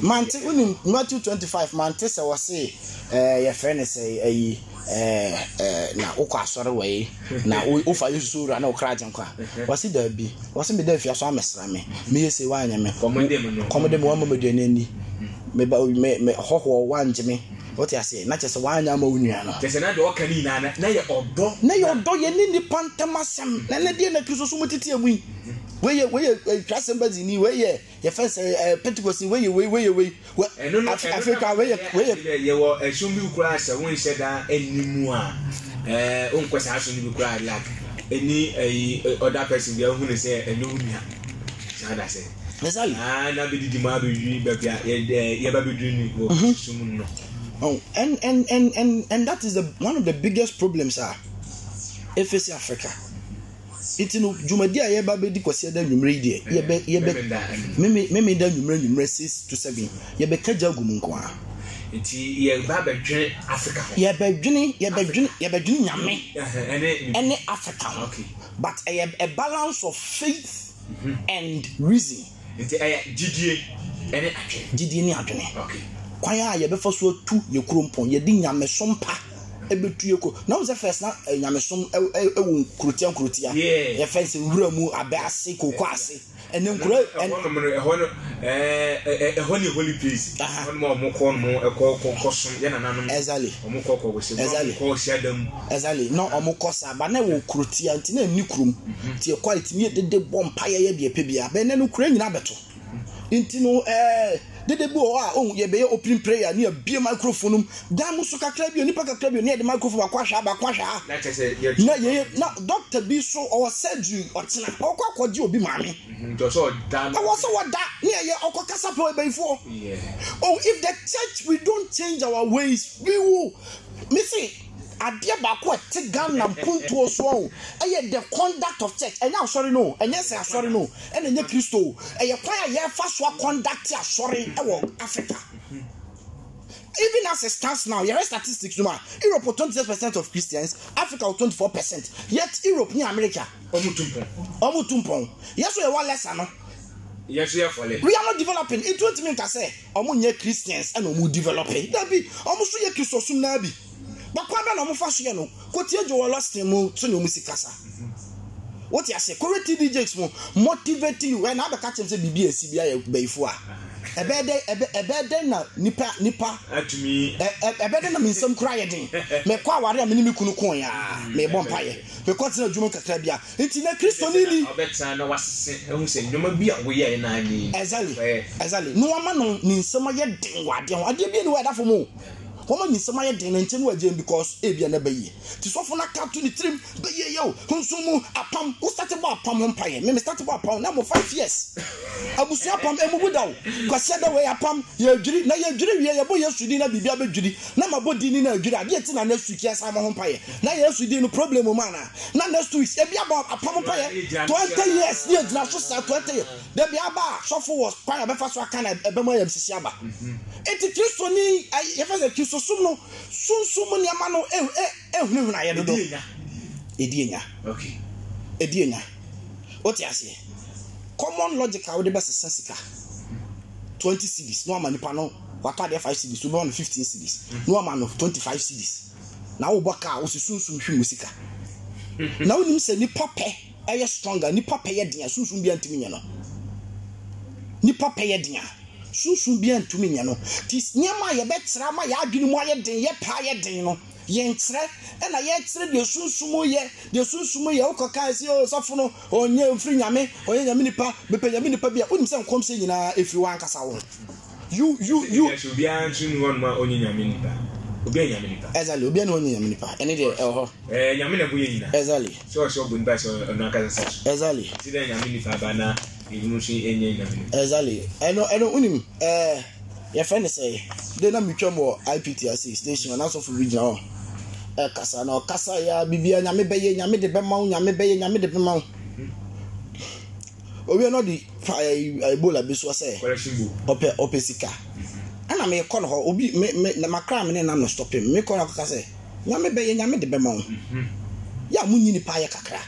Speaker 1: mante wonim matthew 25 mante sɛ wɔ se ɛɛ yɛfrɛ ne sɛ ɛyi Eh, eh, na ụkọ asọrọ wee na ụfọdụ ihe susu ụra na ụkra ajị nkwa wasi da bi wasi mbe dafi asọ amesara mi mi ihe si wa anya mi kọmụdị mụ wa dị n'eni mbe mm. hụhụ wa njem wɔte aseɛ na kyɛ sɛ wanya ama wo nua no kyɛ na deɛ ɔka ne nyinaa na yɛ ɔdɔ na yɛ ɔdɔ yɛ ne nnipa ntam asɛm na ne deɛ na kristo titi mu tete amu yi weyɛ weyɛ atwasɛm ba zini weyɛ yɛfɛ sɛ ɛɛ pentikɔsi weyɛ weyɛ weyɛ weyɛ wɛ afirika weyɛ weyɛ.
Speaker 2: yɛwɔ ɛsum bi kura sɛ wɔn nhyɛ dan anim a ɛɛ nkɔsa aso bi kura lak ɛni ɛyi ɔda pɛsin bi ɛhun sɛ ɛni onua saa da sɛ. misali. aa n'a bɛ didi maa bɛ dwi bɛɛ bi a yɛ ɛɛ yɛ bɛ bi ni wɔ
Speaker 1: sum no. Oh, and and and and and that is the one of the biggest problems ah efesi africa nti no dwumadi a yɛba bɛdi kɔsi ɛda nwummerɛ yi deɛ yɛbɛ yɛbɛ mɛmɛ da nwummerɛ nwummerɛ six to seven yɛbɛka gya gu mu nko a. nti yɛba bɛdwene africa ho. yɛbɛdwene yɛbɛdwene yɛbɛdwene nyame ɛne africa ho but ɛyɛ a balance of faith mm -hmm. and reason. nti ɛyɛ eh, gyidie ɛne adwene. gyidie ne adwene. okay kwan a yɛbɛfa so atu yɛ kurom pɔn yɛde nyamesom pa ebetu yɛ ko na wɔn sɛ fɛs na eh, nyamesom ɛwɔ nkurutia nkurutia yɛfɛ sɛ nwura mu abɛ ase koko ase ɛnɛ nkura ɛn ɛhɔ no ɛhɔ ɛɛ ɛhɔ ne holy place ɛhɔ no mu a wɔn kɔ no mu ɛkɔ kɔ kɔ som yɛ nananom ɛzali wɔn kɔ kɔ wɔsi wɔn kɔ ɔsi adam ɛzali na wɔn kɔ saba na ɛwɔ kurutia nti na ɛni kurom mhm. tie kɔ ɛtumi yɛ dede bɔ mpa yɛ yɛ deɛ pɛ bia bɛn dede bi wɔ hɔ a ohun yɛbɛyɛ opening prayer ne yɛbie microphone dan mu so kakra bi onipa kakra bi ne yɛde microphone akɔ ahyɛ abakɔ ahyɛ ha
Speaker 2: na
Speaker 1: yɛyɛ na doctor bi so ɔwɔ surgery ɔtena ɔkɔ akɔgye obi maame mhm, ɔwɔ sɛ wɔda ne yɛyɛ ɔkɔ kasa pɛ ɔbɛyifoɔ oh if the church we don't change our ways we will missing adeɛ baako ɛte ghana mpuntuo soɔ o ɛyɛ the conduct of church ɛnyɛ asɔre no ɛnyɛ sɛ asɔre no ɛna ɛnyɛ kristo ɛyɛ kwan a yɛfa so conduct asɔre ɛwɔ africa even as it stands now yɛrɛ statistics no ma europe wɔ twenty six percent of christians africa wɔ twenty four percent yet europe ni america ɔmu tun pɔn ɔmu tun pɔn yɛsɔ yɛ wɔ lɛsa no
Speaker 2: yɛsɛ yɛ fɔlɛ. we
Speaker 1: are not developing it won't mean ka sɛ ɔmu nye christians ɛna ɔmu developing dabi ɔmu so yɛ kristosom naa bi bakwan bɛ na ɔmo fa so yɛ no kotie dwo wɔn lɔsitɛn mu so na ɔmo si kasa wote ase kore tv jakes mu motivate you ɛna abɛka kyerɛ sɛ biribi esi bi ayɛ bɛyifo a ɛbɛɛ dɛ ɛbɛ ɛbɛɛ dɛ na nipa nipa
Speaker 2: ɛtumi
Speaker 1: ɛ ɛbɛɛ dɛ na mi nsɛm kura yɛ den mɛ kɔ awari a mi ni mi kunu kɔn ya mɛ mm. bɔ mpa yɛ mɛ kɔ tena adwuma kakra bi a nti na kristo ni ni.
Speaker 2: ɔbɛtena na wasese ehun sɛ nneɛma bi a woyɛ yɛ naa ni. ɛzali ɛzali
Speaker 1: ni wɔn ama no ne nsɛm ayɛ den wɔ adeɛ ho adeɛ bi ni wɔ ɛda fam o wɔn anyisɛm ayɛ den ne nkyɛn wɔ agyen because ebi ɛna bɛyie ti sɔfo na ka to ne tirim bɛyie yɛ o nso mu apam o start bɔ apam ho mpaeɛ mɛmɛ start bɔ apam na mo five years abusua apam emu bu da o kwasi ɛda wɔ yɛ apam yɛ adwiri na yɛ adwiri wie yɛ bɔ yɛ sudi na biribi abɛdwiri na ma bɔ dini na adwiri adeɛ ti na na su kia saa ma ho mpaeɛ na yɛ sudi no problem mu ana na next week ebi abɔ apam mpaeɛ twenty years yɛ gyina so saa twenty years debi aba a sɔfo wɔ kwan abɛfa so aka na ɛbɛm ayɛ sisi aba. Mm -hmm eti kristo ni yɛfɛ sɛ kristo sum no sunsun mu nneɛma no eh, eh, ehunahuna yɛ dodo edi enya edi enya o ti aseɛ common logic a wɔde bɛ sisan sika twenty cds no ɔma nipa no wata adeɛ five cds o bɛ ɔno fifteen cds no ɔma no twenty five cds na awobɔ kaa osi sunsun hwi mu sika mhm. na onim sɛ nipa pɛ ɛyɛ stronger nipa pɛ yɛ den a sunsun bi a ntumi nyɛ no nipa pɛ yɛ den sunsum bi antumi nyɛ no nti nneɛma a yɛbɛkyerɛ ama yɛadwene mu ayɛ den yɛ paa yɛ den no yɛnkyerɛ ɛna yɛkyerɛ deɛ sunsum yɛ deɛ sunsum yɛ wokɔ kaa sɛ oh, ɔsɔfo no ɔnyɛ mfiri nyame ɔyɛ nyame nipa bepɛ nyame nipa bi a sɛ nkɔm sɛ nyinaa ɛfiri wankasa wo you you
Speaker 2: you obiara ntumi hɔ noma ɔnyɛ nyame nipa obiara nyame nipa
Speaker 1: ɛzali obiara na ɔnyɛ nyame nipa ɛne deɛ ɛwɔ hɔ ɛɛ eh, nyame na ɛbɔ yɛ nyina
Speaker 2: ɛzali
Speaker 1: ezali, ɛno ɛno unim, ɛɛ yɛfɛ ne sɛ de na metwam wɔ ipt station anasɔfo bi gyina hɔ ɛkasa na ɔkasa yɛ a bibia nyame bɛyɛ nyame de bɛma wo nyame bɛyɛ nyame de bɛma wo owie no ɔde fa ɛɛ ebola bi so sɛ ɔpɛ ɔpɛ sika ɛna mekɔ no hɔ obi me me na makra me ne nam no stɔpem mekɔ no ɔkaka sɛ nyame bɛyɛ nyame de bɛma wo mhm. yɛ a mo nyi nipa yɛ kakra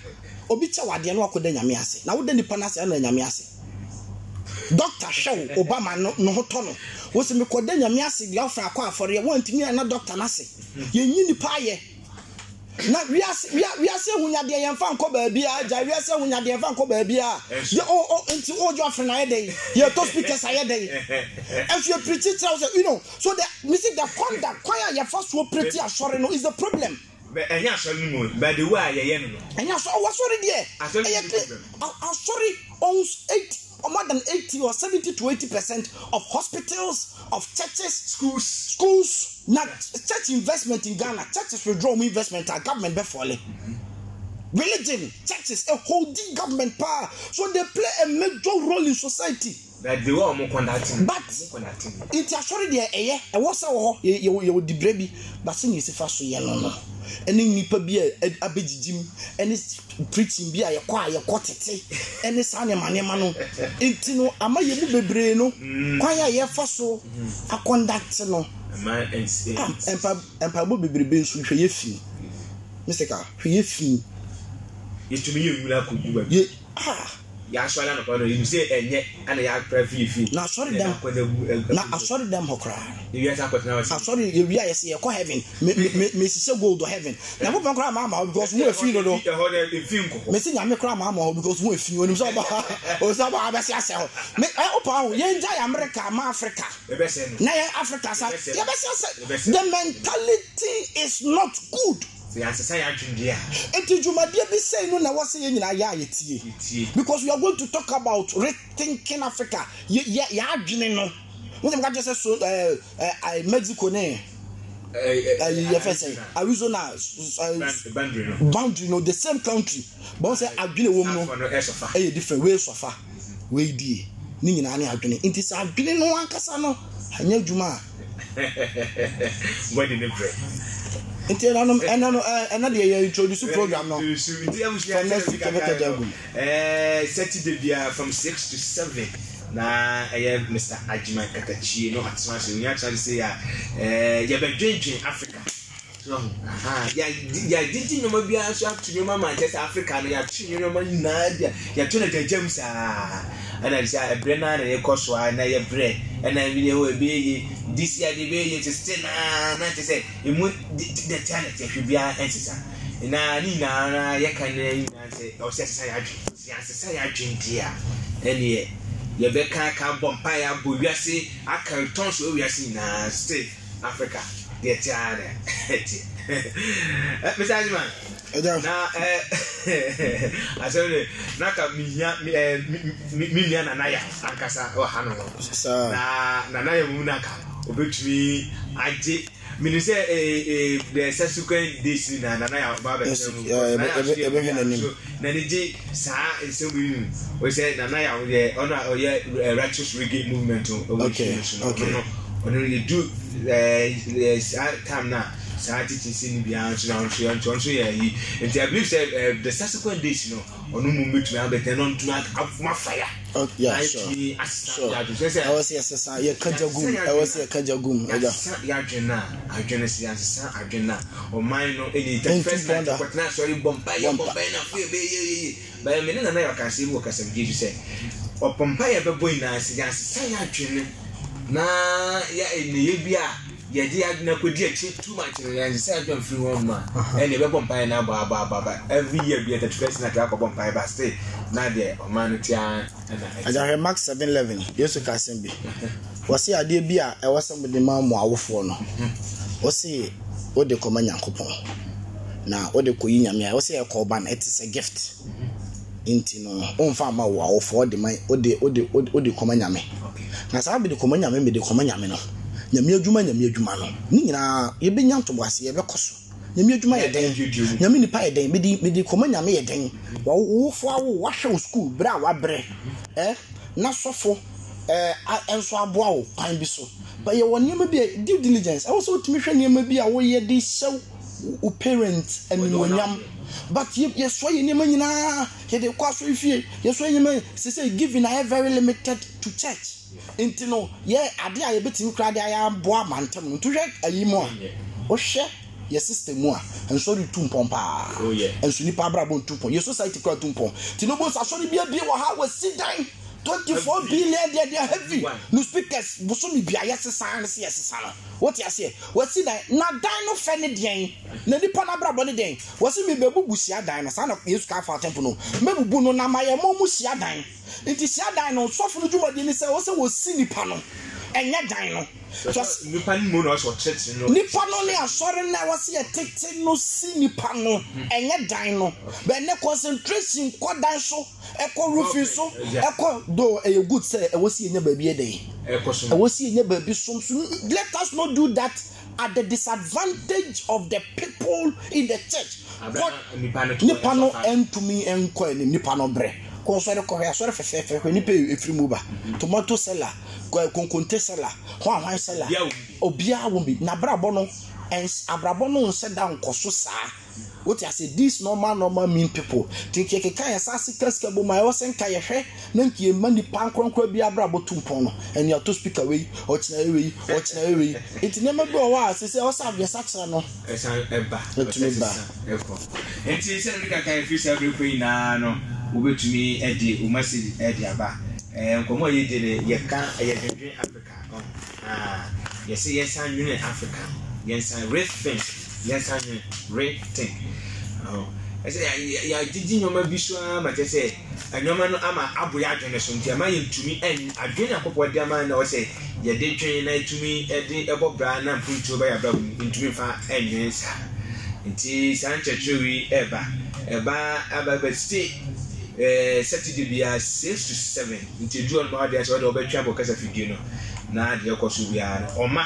Speaker 1: obi kyɛ wadeɛ no akɔda nyame ase na woda nipa no ase ɛna nyame ase dɔkta hwɛ obama no no ho tɔ no wosi mi kɔda nyame ase deɛ ɔfra akɔ afɔre yɛ wɔntumi ɛna dɔkta no ase yɛnyi nipa ayɛ na wiase wia wiase ehunyadeɛ yɛn fa nkɔ baabi a gya wiase ehunyadeɛ yɛn fa nkɔ baabi a yɛ o o nti o jɔ afiri na ayɛ dɛ yi yɛ to speakers ayɛ dɛ yi efi kyerɛw sɛ you know so the misi the conduct kwan a yɛfa so piriti asɔre no is the problem
Speaker 2: ɛnyɛ asɔre mu by the way a yɛyɛ no no
Speaker 1: ɛnyɛ asɔre ɔwɔ asɔre deɛ ɛyɛ kiri asɔre almost eight more than eighty or seventy to eighty percent of hospitals of churches schools schools na church investment in ghana churches withdraw mu investment and government bɛ fɔle religion churches a holding government power so they play a major role in society
Speaker 2: but the one ọmọ kọndaktin but
Speaker 1: nti asọri deɛ ɛyɛ ɛwɔ sɛ wɔ hɔ yɛwɔ yɛwɔ dibire bi basi na esi fa so yɛ no no ɛne nipa bi a abegyigyi mu ɛne preaching bi a yɛkɔ a yɛkɔ tete ɛne saa nneɛma nneɛma no nti no ama yɛ mu bebree no mm. kwan a yɛfa so mm-hmm. akɔndakti no eh, mpaboa bebrebe nso hwɛ yɛ fi mr kaa hwɛ yɛ fi. yɛtumi yɛ nwura kɔ duba bi. Ah yɛasɔre ano kɔ no ɛnim sɛ ɛnyɛ ana yɛapra fiifii na asɔre dam eh, na asɔre dam hɔ koraa asɔre yɛwie a yɛsɛ yɛkɔ heaven mesi sɛ gold heaven eh. nyankopɔn koraa maama hɔ because ho afii no no
Speaker 2: eh, mesi
Speaker 1: nyame koraa maama hɔ because ho afii onim sɛ ɔsɛ ɔba abɛse asɛ hɔ wopa ho yɛngya yɛ amerika ma africa na yɛ africa sa yɛbɛse
Speaker 2: asɛ the
Speaker 1: mentality is not good
Speaker 2: nti
Speaker 1: dwumadeɛ bi sɛi no na wɔsɛ yɛn nyinaa yɛ a yɛtie because we are going to talk about rethinking africa yɛadwene no wosɛ meka kyerɛ sɛ so ɛɛ mexico ne yɛfɛ sɛ arizona boundary no the same country bɔn sɛ adwene wɔm no ɛyɛ different wei sɔfa wei die ne nyinaa ne adwene nti sɛ adwene no ankasa no anyɛ adwuma a.
Speaker 2: wɛdi ne brɛ
Speaker 1: nti ɛnanom ɛnanom ɛna deɛ yɛ introduce program no for next week ɛbɛ kɛgya gu mu. ɛɛ saturday
Speaker 2: bia from six to seven na ɛyɛ mr adjumani katakye no atena so nyɛ akyerɛ sɛ yɛ a ɛɛ yɛbɛdwendwen africa yɛgyegye nnwoma biara so ato nnwoma manchester africa no yɛato nnwoma nyinaa de yɛto no dagyam saa ɛna sɛ ɛberɛ no ana yɛkɔ so a na yɛberɛ ɛna bi ne hɔ ɛbɛyɛ this year de bɛyɛ ye sɛ naa na te sɛ ɛmu the talent ɛhwɛ biara ɛnsesa na ne nyinaa na yɛka no nyinaa sɛ ɔsɛ sesa yɛadwen sɛ asesa yɛadwen deɛ a ɛneɛ yɛbɛka ka bɔ mpa yɛ abɔ wiase aka tɔn so wiase nyinaa state africa deɛ ti ara ti mr ajiman na eh, asɛm de na ka mihia mihia eh, nanaya ankasa wɔ oh, ha no na nanaya mu na ka obetumi agye mini sɛ eh, the subsequent days ni na nanaya ɔba abɛkyerɛ mu nanaya Na nani gye saa nsɛm yi mu o sɛ nanaya ɔyɛ ɔno a ɔyɛ righteous reggae movement ɔwɔ nsu no so na ɔno ɔno yɛdu ɛɛ saa time na saa titi si ni biara nso na nso yɛ nso nso yɛ ayi nti i believe say uh, the subsequent days no ɔno mu mbɛtumi abɛtɛ no ntoma afuma faya. Okay, yeah, sure. sure. ɛwɔ sɛ yɛsesa yɛkagya gum ɛwɔ sɛ yɛkagya gum ɛgya yɛadwene a adwene sɛ yɛasesa adwene a ɔman no ɛnitfirstnakɔtena sɔre bɔ mpa yɛ bɔbɛn no afo yɛbɛyɛyɛyɛ bɛyɛ mene nana yɛ ɔkasɛ bi wɔ kasɛmgye so sɛ ɔpɔmpa yɛbɛbɔ nyinaa sɛ yɛasesa yɛ adwene na yɛ nneyɛ bi a yɛde adwene akɔdi akyire too much no yɛnhyɛ sɛ adwene mfiri hɔ mu a ɛne yɛbɛbɔ mpaeɛ no abaabaababa every year bia thirty first na akɔbɔ mpaeɛ ba se na deɛ ɔman no tia ɛna agyahwɛ
Speaker 1: mark seven eleven yesu ka asɛm bi wɔse adeɛ bi a ɛwɔ sɛ mode ma mo awofoɔ no wɔse wode kɔma nyankopɔn na wode kɔyi nyame a wɔse ɛkɔ ba no ɛte sɛ gift nti no ɔmfa ama wo awofoɔ wode kɔma nyame na saa mede kɔma nyame mede kɔma nyame no nyame adwuma nyame adwuma no ne nyinaa yɛbɛnya ntobo ase yɛbɛkɔ so nyame adwuma yɛ den nyame nipa yɛ den mede mede kɔma nyame yɛ den wawofo awo wahwɛ wo sukuu berɛ a wabrɛ ɛ na sɔfo ɛɛ nso aboa wo kwan bi so but yɛwɔ nneɛma bi a due diligence ɛwɔ sɛ wotumi hwɛ nneɛma bi a wɔyɛ de hyɛw wo parent animuonyam but yɛsɔ yɛ nneɛma nyinaa yɛde kɔ asɔ fie yɛsɔ yɛ nneɛma sɛ giving are very limited to church nti no yɛ adeɛ a yɛbɛtumi kura de ayɛ aboa ama ntam no nti hwɛ ayi mu a oh, wohwɛ yɛ system mu a nsɔre tu mpɔn paa oh, nso nipa abrabɔ ntu mpɔn yɛ society kura tu mpɔn ti no bosa asɔre bia bie wɔ ha wɔ si dan twenty four billion deɛ deɛ heavy no speakers bosomi bia yɛ sisan ne se yɛ sisan no wɔte aseɛ wɔsi dan na dan no fɛ ne deɛn na nipa no abrabɔ ne deɛn wɔsi mi bɛ bubu sia dan no saa na yesu ka afa atempo no mɛ bubu no na ma yɛ mɔ mu sia nti hyia dan no sɔfo no dwumadie ne sɛ wɔsɛ wɔsi nipa no ɛnyɛ dan no.
Speaker 2: nipa no mu na ɔsɛ ɔkyerɛkyerɛ no. nipa
Speaker 1: no ne asɔre na wɔsi yɛ tete no si nipa no mhm. ɛnyɛ dan no bɛn concentration kɔ dan so ɛkɔ rufin so ɛkɔ do ɛyɛ good sɛ ɛwɔ si yɛ nyɛ baabi yɛ dɛ. ɛwɔ si yɛ nyɛ baabi som let us not do that at the disadvantage of the people in the church. nipa and ɛntumi ɛnkɔ ɛnim nipa no brɛ kɔnsɔre kɔhɛ asɔre fɛfɛɛfɛ hwɛ nipa efiri mu ba tomato sɛla konkonte sɛla hwanhwan sɛla obiara wɔ bi n'abrabɔ no abrabɔ no nsɛ da nkɔso saa wote ase dis normal normal mean people te kekeka yɛ sa sika sika bɔ mu a ɛwɔ sɛ nka yɛhwɛ na nka yɛ ma nipa nkronkron bi abrabɔ tu mpɔn no ɛni ato speaker wei ɔkyena ewei ɔkyena ewei eti nneɛma bi wɔ hɔ a sisi ɛwɔ abiasa kyerɛ no.
Speaker 2: ɛsan ɛba ɛtumi ba ɛfɔ nti sɛ ɛbi kaka efi sɛ ɛbi kɔ nyinaa no wobɛtumi de wo message de aba nkɔmmɔ a yɛgye no yɛka yɛdwendwen africa yɛsɛ yɛnsan nwene africa yɛnsan rethink yɛnsan nwene rethink ɛsɛ yɛagyegye nneɔma bi so ara ma kyɛ sɛ nneɔma no ama aboyɛ adwene so nti ama yɛntumi adwene akɔpɔ de ama na ɔsɛ yɛde dwen na ɛtumi de ɛbɔ bra na mpontuo bɛyɛ abra mu ntumi fa ɛnwene saa nti saa nkyerɛkyerɛ wei ɛba ɛba aba bɛsite Eh, saturday bia six to seven nti edu ɔno adi ase ɔde ɔbɛtwi abɔ kasa fidie no na deɛ ɔkɔ so biara ɔma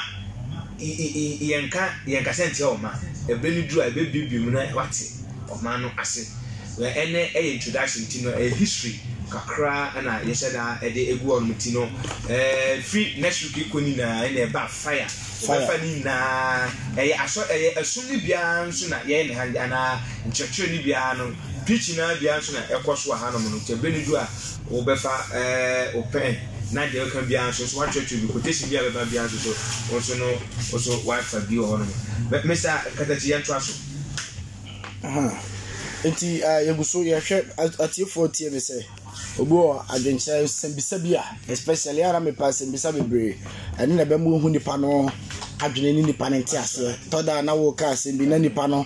Speaker 2: yɛnka yɛnkasa ntia ɔma ebe no duru a ebe bibi mu na wate ɔma no ase ɛnɛ ɛyɛ introduction ti no ɛyɛ history kakra ɛna yɛhyɛ da ɛde egu ɔno ti no ɛɛ free next week kɔ nyinaa ɛna ɛba fire ɔbɛfa ne nyinaa ɛyɛ asɔ ɛyɛ ɛsum ne biara nso na yɛyɛ ne ha anaa nkyerɛkyerɛ ne biara no. pitch na bia nso na ɛkɔ so wɔ hanom no nkyɛn bɛni a wɔbɛfa ɛɛ ɔpɛn na deɛ ɔka bia nso nso wɔatwerɛtwerɛ bi quotation bi a bɛba bia nso so nso no nso wɔafa bi wɔ hɔnom mesa katakyi yɛn to aso.
Speaker 1: nti yɛgu so yɛhwɛ atiefoɔ tie mi sɛ obi wɔ adwenkyerɛ nsɛmbisa bi a especially ara mepa nsɛmbisa bebree ɛne na ɛbɛn mu ehu nipa no adwene ne nipa ne nte aseɛ tɔda na wɔka asɛm bi na nipa no.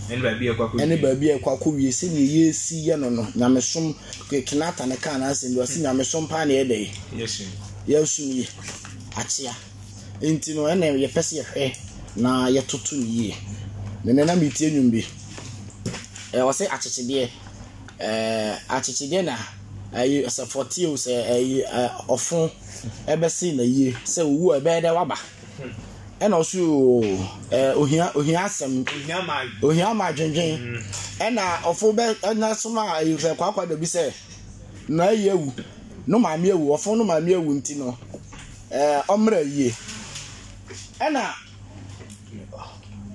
Speaker 2: ɛne baabi
Speaker 1: a ɛkɔ akɔ wie sɛdeɛ yɛsi yɛ no no nyamesom kenata ne kaa naasɛm bi ɔse nyamesom paa ne ɛdɛ yɛsom yi akyea nti no ɛna yɛpɛ sɛ yɛhwɛ na yɛtoto ne yie nene na metie nwum bi ɛwɔ sɛ akyekyedeɛ akyekyedeɛ na ayi sɛ fɔtio sɛ ayi ɔfo ɛbɛse na yie sɛ owu a ɛbɛyɛ dɛ waba
Speaker 3: hmm.
Speaker 1: ɛna ɔso ɛɛ ohia ohia asɛm ohia ama adwendwen mm. ɛna ɔfo bɛ ɛna soma kwakwa dɛbi sɛ na ayi ewu no maame ewu ɔfo no maame ewu nti no ɛɛ ɔmmerɛ yie ɛna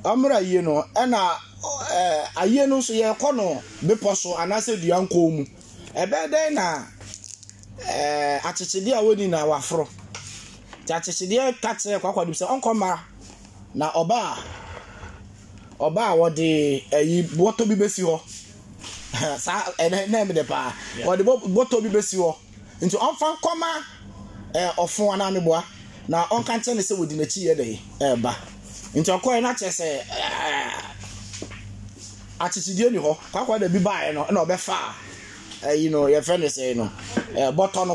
Speaker 1: ɔmmerɛ yie no ɛna ɛɛ ayie no nso yɛkɔ no bepɔ so anaasɛ dua nkɔn mu ɛbɛɛ na ɛɛ akyekyedeɛ a nti na a a wɔde ayi bɔtɔ bi bɛsi hɔ saa ɛnɛ de paa wɔde bɔtɔ bi bɛsi hɔ nti ɔnfa ɛɛ na ɔnka nkyɛn ne sɛ wɔdi n'akyi yɛ de ɛɛba nti ɔkɔɛ n'akyɛ sɛ ɛɛ akyekyedeɛ ni hɔ kwakwa no ɛna ɔbɛfa ɛyi no yɛfɛ ne sɛ yi no ɛɛ bɔtɔ no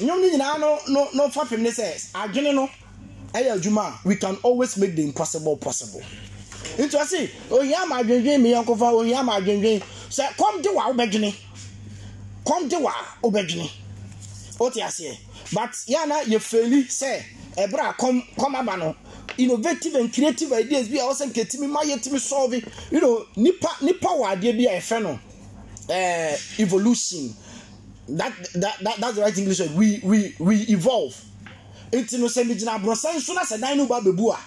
Speaker 1: nnwom no nyinaa no no no fapem ne sɛ adwene no ɛyɛ adwuma a we can always make the impossible possible nti ɔsi ohia ama adwendwen mi yɔnkofa ohia ama adwendwen sɛ kɔm de wa wobɛdwene kɔm de wa wobɛdwene o ti aseɛ but yana yɛ feli sɛ ɛbrɛ a kɔm kɔm aba no innovative and creative ideas bi a ɔsɛ nketimi ma yɛtimi sɔɔbi you know nipa nipa wɔ adeɛ bi a yɛfɛ no ɛɛ evolution that that, that that's the right english word we we we evolve nti no sɛ megyina aborɔsan so na sɛ dan no ba bɛbu a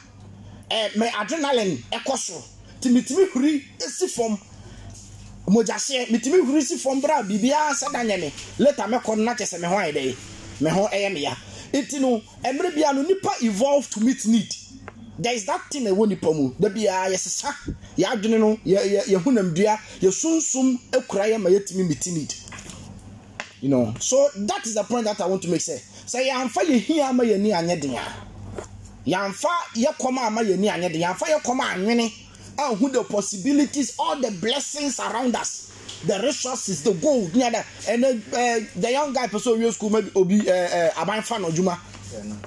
Speaker 1: ɛɛ eh, mɛ adrenaline ɛkɔ so ti mitimi huri esi fam mogyahyeɛ mitimi huri si fam bra biribiara sɛ dan yɛ me later mɛkɔ no na kyɛ sɛ mɛ ho ayɛ dɛ mɛ ho ɛyɛ me nti no mmerɛ bia no nipa evolve to meet need there is that thing ɛwɔ nipa mu dabi a yɛsesa yɛadwene no yɛ yɛ yɛhunamdua yɛsunsum ekura yɛ ma yɛtumi meet need you know so that is the point that i want to make say sɛ yɛamfa yɛ hi ama yɛ ni anyɛ den a yɛamfa yɛ kɔm ama yɛ ni anyɛ den yɛamfa yɛ kɔm anwene a hu the possibilities all the blessings around us the resources the gold ní ada ɛnɛ ɛɛ uh, uh, the young guy person sɛ school maybe obi ɛɛ ɛɛ abanfa na ɔdwuma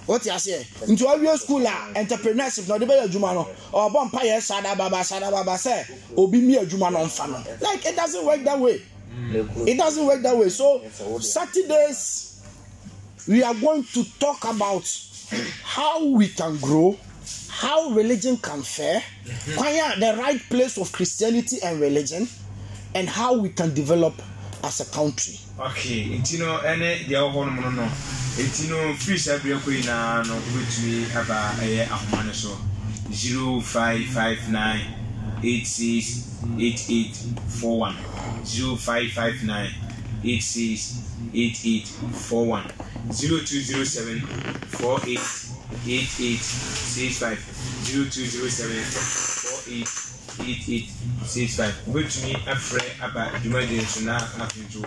Speaker 1: o ti aseɛ nti ɔwie school uh, a entrepreneurship na ɔde bɛyɛ adwuma no ɔbɔ oh, mpa yɛ sadababa sadababa sɛ obi mi adwuma na ɔnfa no like it doesn't work that way.
Speaker 3: Mm. It
Speaker 1: doesn't work that way. So, Saturdays, we are going to talk about how we can grow, how religion can fare, choir, mm-hmm. the right place of Christianity and religion, and how we can develop as a country.
Speaker 2: Okay, nti no ɛne deɛ ɔwɔ hɔ nom no nti no firi saa bere kɔ nyinaa no wobɛtumi aba ɛyɛ ahoma no so zero five five nine eight six eight eight four one zero five five nine eight six eight eight four one zero two zero seven four eight eight eight six five zero two zero seven four eight eight eight six five wobɛtumi afrɛ aba dwumadie nso na afei nso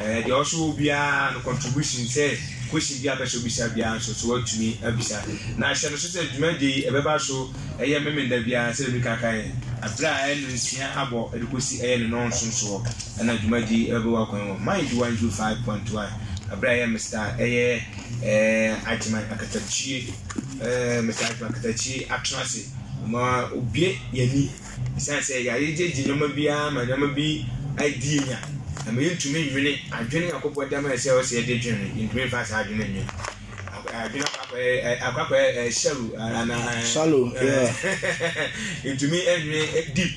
Speaker 2: ɛɛ eh, deɛ ɔso wɔ biara no contribution sɛ kwesi bi abɛhyɛ obisa biara nso so watumi abisa na ahyɛ no so sɛ dwumadie ɛbɛba so ɛyɛ memenda biara sɛ ɛbi kaka yɛ abira a no nsia abɔ ɛde kɔsi ɛyɛ no nɔnson soɔ ɛna dwumadie ɛbɛbɛ wɔ wɔ mind one two five point one abira ɛyɛ mr ɛyɛ ɛɛ e, agyeman akatakyie ɛɛ mr agyeman akatakyie atena ma obie yɛni ɛsan sɛ yɛayɛ gyegye nneɛma biara ma nneɛma bi adi yɛnya ama yɛntumi nwene adwene nyankopɔn dama ɛsɛ ɛwɔ sɛ yɛde dwene yɛntumi mfa saa adwene nwene eh, adwene akwakɔ ɛhyɛw anaa shallow yɛntumi nwene deep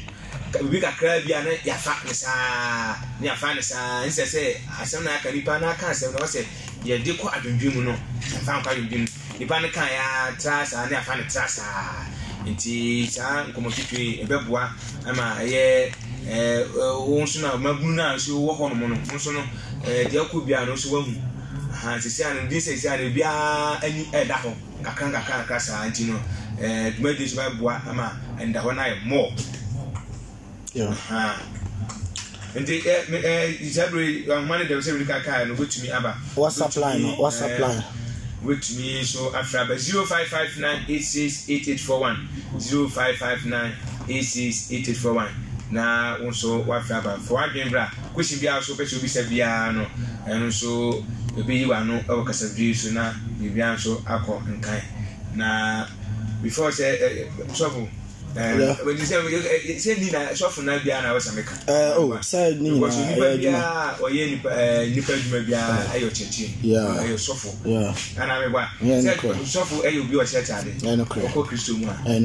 Speaker 2: obi kakra bi a na yafa ne saa ne yafa ne saa nsɛ sɛ asɛm na aka nipa na aka asɛm na ɔsɛ yɛde kɔ adwendwe mu no yafa nkɔ adwendwe mu nipa no kan ya tra saa ne yafa ne tra saa nti saa nkɔmɔ twitwi ɛbɛboa ama ɛyɛ. Eh, eh, wo nso na magunu na nso wɔ hɔ nom no nso no deɛ ɔkɔ biara no nso wahu aha sisi ano eh, de sisi ano biara ani ɛda hɔ kakra kakra kakra saa nti no nso ama ɛnda hɔ no ayɛ mɔɔ nti ɛ ɛ zabere ahoma ne dɛm wuli kakra no wetumi aba whatsapp line whatsapp line wetumi nso afra ba zero five five na nso wafe aba fa wadwen berɛ a question biara so wopɛ sɛ biara no ɛno nso wa kasabiri na biribiara nso akɔ nkan na before sɛ eh, eh, sɔfo eh, sɛ nina sɔfo na biara na wɔsa meka
Speaker 1: oh, nipa biara
Speaker 2: ɔyɛ nipa
Speaker 1: adwuma biara
Speaker 2: ɛyɛ ɔkyɛkyɛ ɛyɛ sɔfo a sɔfo ɛyɛ obi ɔkɔ kristo mu
Speaker 1: a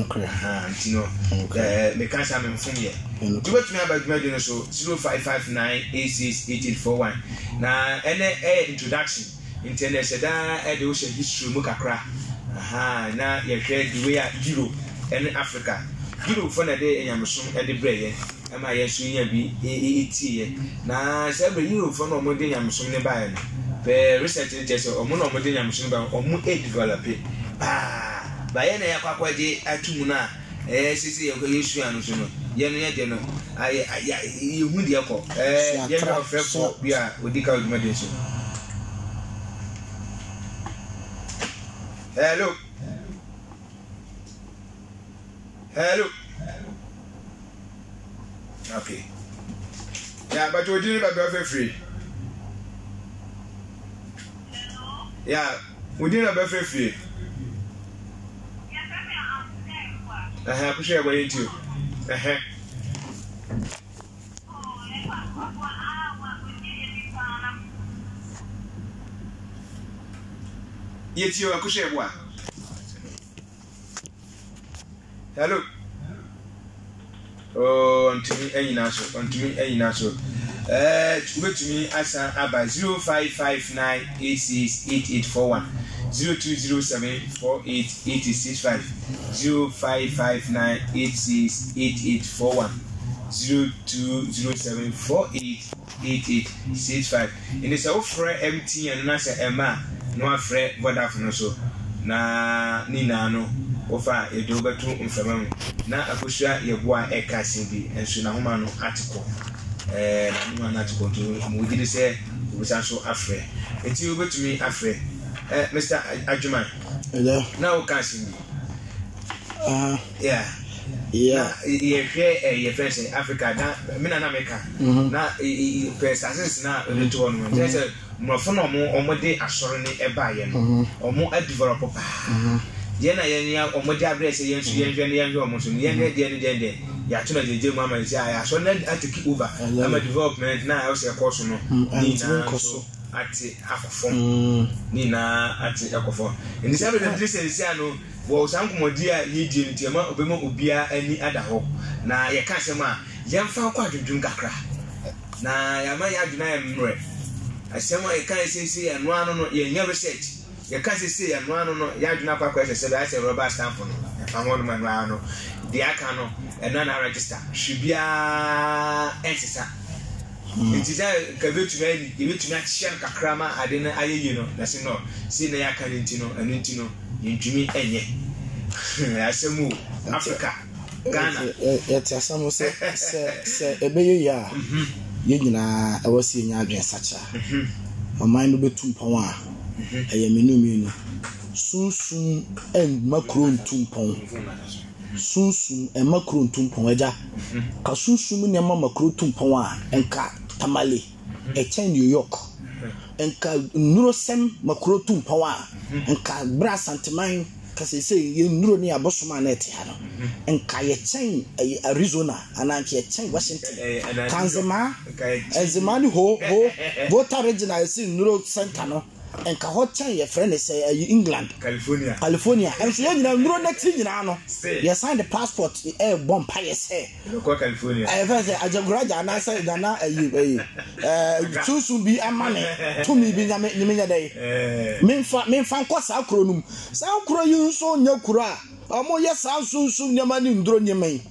Speaker 1: no
Speaker 2: wobɛtumi aba adwumadi no so 0559868841 na ɛnɛ ɛyɛ eh, introduction nti ɛnɛ ɛhyɛ daa ɛde wohyɛ history mu kakra na yɛhwɛ the way a euro ɛne africa na ɛde eh, nyamesom ɛde eh, brɛyɛ ɛma yɛn nso nya bi ɛtieɛ na sɛ ɛbɛ na nyamesom ne no sɛ ɔmo na nyamesom ne ɔmo paa na ato mu no a ɛɛ sisi yɛ yɛ sua no so no yɛ no yɛ de no ayɛ ayɛ yɛ hu deɛ kɔ ɛɛ yɛ no afɛ fo bi a odi ka oduma de so. hello hello okay yà bàtà odi ni bàbá fẹ firi yà odi ni bàbá fẹ firi. ɛhɛn kusi ɛwɔ yɛ nti o ɛhɛn. yɛti o akusi ɛwɔ a hello ooo ntumi ɛnyina so ntumi ɛnyina so ɛɛ wobɛtumi asan aba zero five five nine eight six eight eight four one zero two zero seven four eight eight eight six five zero five five nine eight six eight eight four one zero two zero seven four eight eight eight six five ɛnna sɛ wofrɛ mtn no na sɛ ɛma a na wafrɛ vodafone no so na ne nyinaa no wofa yɛde wobɛto mframa mu na akosua yɛboa ɛka sen bi nso n'ahoma no ate kɔ ɛɛ n'ahoma no ate kɔ nto mu wogye de sɛ obisa nso afrɛ nti wobɛtumi afrɛ ee eh, Mr. Adjuman. hello Now cash in. Uh -huh. Yeah. Yeah. yeah yeah yeah africa na mina na meka na pɛ sasis mm-hmm. na ɛde to hɔ mm-hmm. no kyerɛ sɛ mmorɔfo na ɔmo ɔmo de asɔre mm-hmm. ne ɛbaayɛ no ɔmo ɛdevelop paa yɛn na yɛn ya yeah de abirɛ sɛ yeah yeah yeah yeah yeah yeah yeah yeah yeah yeah yeah yeah yeah ne deɛ deɛ yàtò na gyegye mu ama ne sɛ ayɛ asɔre na atiki development na ayɛ sɛ ɛkɔ so no nyinaa ate akɔ fam mm. nyinaa ate akɔ fam nti sɛ bɛ tɛntɛn sɛ nsia no wɔ saa nkɔmɔdi a yɛdie no tiɛma obɛma obiara ani ada hɔ na yɛka asɛm a yɛmfa kɔ adwodwom kakra na yɛama yɛ adwene ayɛ mmerɛ asɛm a yɛka sɛsɛ yɛnoa no no yɛnya research yɛka sɛsɛ yɛnoa no no yɛadwene akɔ akɔ ɛsɛ sɛ bɛyɛ sɛ rɔba stamp no yɛfa hɔ nom anoa no deɛ aka no ɛno na register hwe biara ɛnsesa Hmm. nti sɛ kabɛtumi ayi yɛbɛtumi akyehyɛ no kakra ma ade no ayɛ yie no na se no sei na yɛaka no nti no ɛno nti no yɛntumi ɛnyɛ asɛm
Speaker 1: o africa ghana yɛte asɛm sɛ sɛ sɛ ɛbɛyɛ yie a mhm. yɛn nyinaa ɛwɔ sɛ yɛnya adwene sakyera mhm. ɔman no bɛtu mpɔn a mhm. ɛyɛ menu mmienu sunsun ɛmma kuro ntu mpɔn sunsun ɛma kuro ntumpɔn agya ka sunsun nneɛma ma kuro ntumpɔn a nka tamale ɛkyɛn new york nka nnuro sɛm ma kuro ntumpɔn a nka bra santeman kasese yɛ nnuro ne abosom a na ɛte ha
Speaker 2: no
Speaker 1: nka yɛkyɛn ɛyɛ arizona anaa nka yɛkyɛn washington kanzemaa ɛzemaa ne ho ho volta region a yɛsi nnuro center no nka hɔ kyɛn yɛfrɛ ne sɛ ɛyi eh, england california california ɛnso yɛn nyinaa nnuro n'akyi nyinaa no yɛsan de passport ɛɛbɔ eh, mpa yɛ sɛ
Speaker 2: ɛfɛ
Speaker 1: eh, sɛ agyagoragya anaasɛ nana ɛyi ɛyi ɛɛ sunsun bi ama ne tumi bi nyame nyame nyɛ dɛ mmefa mmefa nkɔ saa kuro no mu saa kuro yi nso nyɛ kuro a wɔn yɛ saa sunsun nneɛma ne nduro nneɛma yi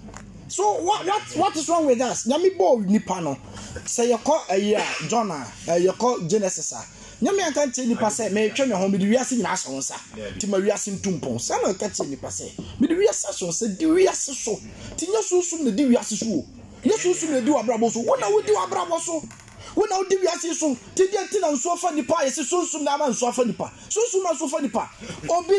Speaker 1: so what what what is wrong with us nyame bɔ nipa no sɛ yɛkɔ ɛyi a john a ɛyɛkɔ genesis a nyame anka nkyerɛ nipa sɛ meretwɛ me ho mede wiase nyinaa ahyɛ wo nsa nti ma wiase nto mpɔn saa na nka kyerɛ nipa sɛ mede wiase ahyɛ wo nsa di wiase so nti nyɛ sunsum na di wiase so o nyɛ sunsum na di w'abrabɔ so wo na wodi w'abrabɔ so wọn náà di wiase so ti di eti na nsuo fa nipa yɛsi sunsun na ama nsuo fa nipa sunsun na nsuo fa nipa obi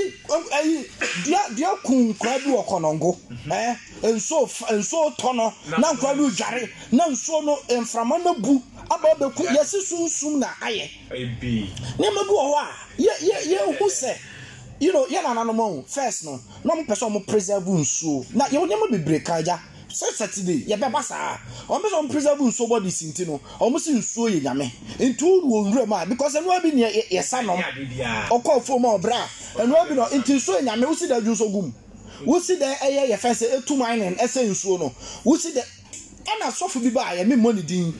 Speaker 1: ɛyi dua dua kun nkura bi wɔ kɔnɔngo ɛɛ nsuo nsuo tɔ no na nkura bi dware na nsuo no nframa na bu aba ɔbɛku yɛsi sunsun na ayɛ
Speaker 2: nneɛma
Speaker 1: bi wɔ hɔ a yɛ yɛ yɛ hu sɛ you know yɛ na ɔmo first no na ɔmo pɛ sɛ ɔmo preserve nsuo na yɛ nneɛma bebree kan gya sɛ saturday yɛbɛba saa ɔmo sɛ ɔmo preserve nsuo bɔ de si nti no ɔmo si nsuo yɛ nyame nti o wɔ nwura mu a because ɛnua bi ni yɛsa nom ɔkɔ fom a ɔbra ɛnua bi na nti nsuo yɛ nyame wosi dɛ adwo nso gum wosi dɛ ɛyɛ yɛfɛ sɛ etu mining ɛsɛ nsuo no wosi dɛ ɛna sɔfo bi baa yɛ mi mɔ ne din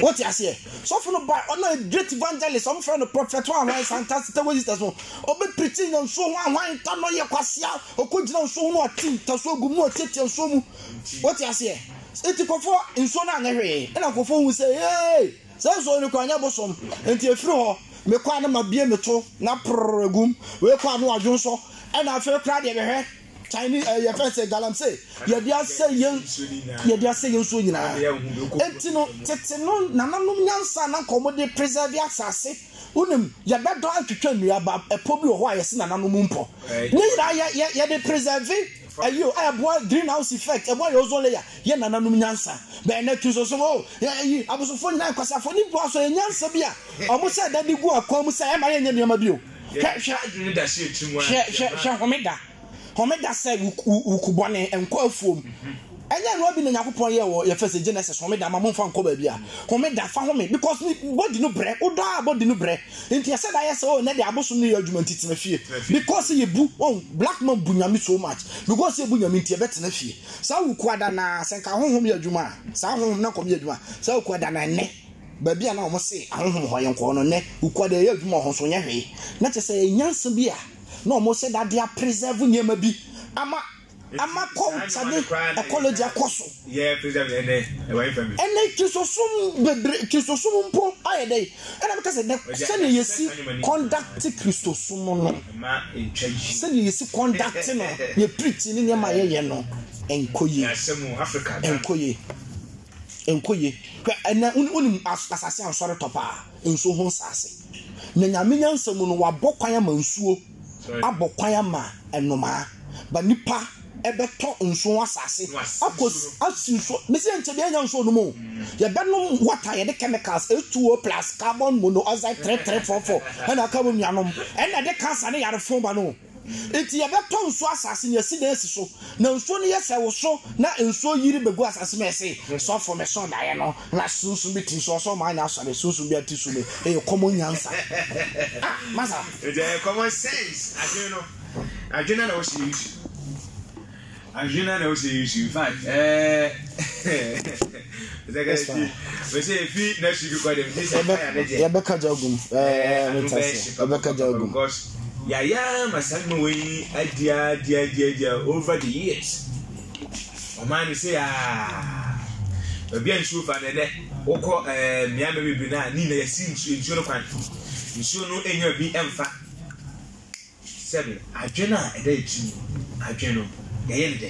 Speaker 1: wɔte aseɛ sɔfo no baa ɔna great evangelist ɔmo fɛn no prophet wɔn ahwan santa sita wɔyi sita so ɔbɛ pirikyi nyansuo wɔn ahwan ta na ɔyɛ kwasia ɔkɔ gyina nsuo wɔn ɔte ntaso gu mu ɔtete nsuo mu wɔte aseɛ eti kɔfɔ nsuo no aŋɛ hwee ɛna kɔfɔ ohun sɛ yee sɛ nsuo no kura nyɛ bosom nti efiri hɔ mekɔ anam abie mi to na pɔrɔ egum wekɔ anu adwo nsɔ ɛna afei kura deɛ bɛhwɛ chinese ẹ yẹ fẹ sẹ galamsey yẹ de asẹ yẹn yẹ de asẹ yẹn nyinaa eti no tete no nananom nyansa na nkɔmɔ de preserve asase wonim yɛbɛdɔ atwitwa nnuaba ɛpɔ bi wɔ hɔ a yɛsi nananom mpɔ ne nyinaa yɛ yɛ yɛde preserve ayi o ɛboa greenhouse effect ɛboa yɛ ozone layer yɛ nananom nyansa bɛn na tu so so o yɛyi abosofo nyinaa nkwasafo ne bu aso yɛ nyansa bi a ɔmo sɛ ɛda de gu akɔn mu sɛ ɛma yɛ nyɛ nneɛma bi o hwɛ hwɛ
Speaker 2: hwɛ
Speaker 1: hwɛ homeda homeda sɛ wukubɔne nkɔ afuom ɛnyɛ no bi na nyankopɔn yɛ wɔ yɛfɛ sɛ genesis homeda ma momfa nkɔ baabi a homeda fa home because bɔdi no brɛ wodɔ a bɔdi no brɛ nti ɛsɛ da yɛ sɛ o nɛ de abosom no yɛ adwuma nti tena fie because yɛ bu ɔn black man bu nyame so much because yɛ bu nyame nti yɛbɛtena fie saa wuku ada na sɛ nka honhom yɛ adwuma a saa honhom na nkɔm yɛ adwuma saa wuku ada ne, ɛnɛ baabi a na wɔn se ahohom hɔ yɛ nkɔɔ no nɛ wuku ada yɛ adwuma ɔhɔ so nyɛ hwee na kyerɛ sɛ nyansa bi a na ɔmo sɛ dade apreserve nneɛma bi ama ama culture eh? eh, eh, ne ecology akɔ so
Speaker 2: ɛnɛ
Speaker 1: kristosom bebree kristosom mpo ayɛ dɛ ɛna mi ka sɛ sɛnea yɛsi conduct kristosom no
Speaker 2: sɛnea
Speaker 1: yɛsi conduct no yɛ preach ne nneɛma yɛyɛ no ɛnkɔ yie ɛnkɔ yie ɛnkɔ yie hwɛ ɛnɛ onim asase ansɔre tɔ paa nsuo ho nsase na nyame nyansa mu no wabɔ kwan ama nsuo abɔ kwan ama nnomaa ba nipa ɛbɛtɔ nsuo asase akɔ asi nsuo bɛsi nkyɛn bi anya nsuo no mu yɛbɛnom water yɛde chemicals h2o plus carbon monoxide three three four four ɛna aka mo nuanom ɛna ɛde cancer ne yarefo ba no nti yɛbɛtɔ nsuo asase na yɛsi na esi so na nsuo no yɛ sɛ woso na nsuo yiri begu asase ma ɛsi sɔfo mi sɔ daeɛ no na sunsun bi ti so ɔsɔ maa nyɛ asɔre sunsun bi ati so mi ɛyɛ kɔmɔ nyansa ah
Speaker 2: masa. ɛdɛ kɔmɔ sɛns adwene no adwene na ɔsi yusu adwene na ɔsi yusu fact ɛɛ ɛsɛ ɛsɛ efi na su bi kɔ dɛm ɛbɛ
Speaker 1: ɛbɛ kagya ogum ɛɛ ɛbɛ kagya ogum
Speaker 2: yaya masalima wei adia adia adia adia over the years ɔman no sɛ yaa ah, baabi a nsuo fa dɛdɛ wokɔ ɛɛ eh, mmeama bebree na ne na yɛsi nsuo nsuo no kwan nsuo no enya bi ɛmfa sɛbi adwe no a ɛda akyi no yɛyɛ ne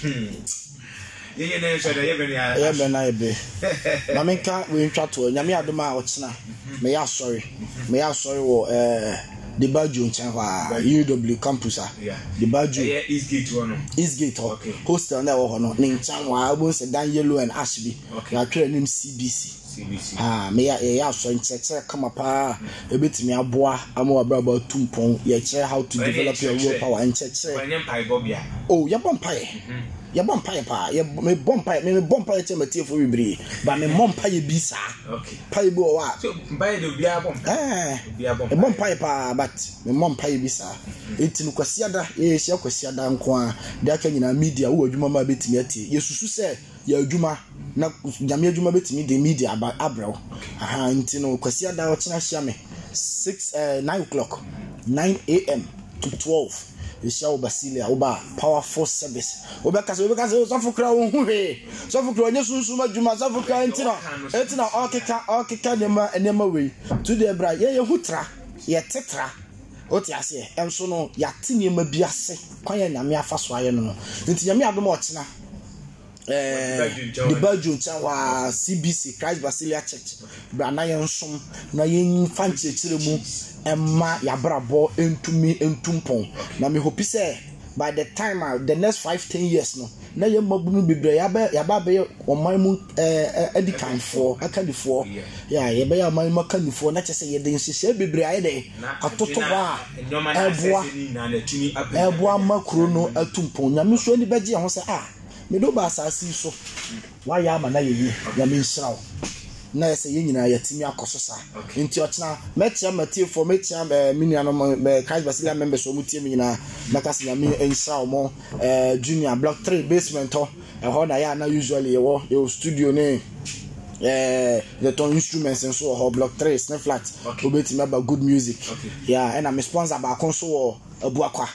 Speaker 2: hmm ɛyɛ bɛn na yɛ bɛ maame
Speaker 1: nka wɛntwa toɔ nyame adum a ɔtena mɛ yɛ asɔre mɛ yɛ asɔre wɔ ɛɛ eh, debajo nkyɛn hɔ a uw campus a debajo eastgate hɔ hostel na ɛwɔ hɔ no ne nkyɛn hɔ a ebi nsɛ dan yellow and ash bi yɛatwerɛ anim cbc meyɛ asɔre nkyerɛkyerɛ kama paa ɛbɛtumi aboa ama wabrabɔ atu mpɔn yɛkyerɛ how to develop your will power
Speaker 2: nkyerɛkyerɛ
Speaker 1: oh, yɛbɔ mpaeɛ mm-hmm yɛbɔ mpaeɛ paa mebɔ mpaeɛ mebɔ mpaeɛ kyɛ matiefoɔ bebree ba memmɔ mpaeɛ bi saa mpaeɛ bi wɔ hɔ a eh, mebɔ mpaeɛ paa but memmɔ mpaeɛ bi saa ɛnti no kwasiada yɛyɛhyia kwasiada nko a de aka nyinaa media wowɔ adwuma ma bɛtumi atie yɛsusu sɛ yɛ adwuma na nyame adwuma bɛtumi de media abrɛw aha nti no kwasiada ɔkyena hyia me 6 uh, 9 o'clock 9 am to twelve ehyia wo basilia wo ba powerful service wobɛka sɛ wobɛka sɛ sɔfo kura wo ho hwee sɔfo kura ɔnyɛ sunsum adwuma sɔfo kura nti na nti na ɔkeka ɔkeka nneɛma nneɛma wei tu deɛ bra yɛ yɛ ho tra yɛ te tra wote aseɛ ɛnso no yɛate nneɛma bi ase kwan yɛ nyame afa so ayɛ no no nti nyame adom ɔkyena the bedroom nkyɛn wɔ cbc christ basilia church brana yɛn nsom na yɛn fa nkyerɛkyerɛ mu ɛma yɛabrabɔ ntumi ntumpɔn na mehopi sɛ by the time a uh, the next five ten years no na yɛn mmabu no bebree yaba yaba abɛyɛ ɔman mu ɛɛ ɛdikanfoɔ akanifoɔ yɛ yɛbɛyɛ ɔman mu akanifoɔ na kyerɛ sɛ yɛde nhyehyɛ bebree ayɛ dɛ atoto hɔ a ɛboa ɛboa ama kuro no atumpɔn nyame nso ani bɛgye yɛn ho sɛ a medo ba asase so wayɛ ama na yɛyi nyame nhyira wo na ɛsɛ yɛn nyinaa yɛtumi akɔ so saa nti ɔkyena mɛkyia matiefoɔ mɛkyia eh, me nuanom eh, christ basilia members ɔmu tie me nyinaa mɛka sɛ nyame nhyira wo mɔ eh, junior block three basement hɔ ɛhɔ na yɛ ana usually yɛwɔ yɛwɔ studio ne yɛtɔn instruments nso wɔ hɔ block three, sne flat wobɛtumi aba good music yɛ ɛna me sponsor baako nso wɔ abuakwa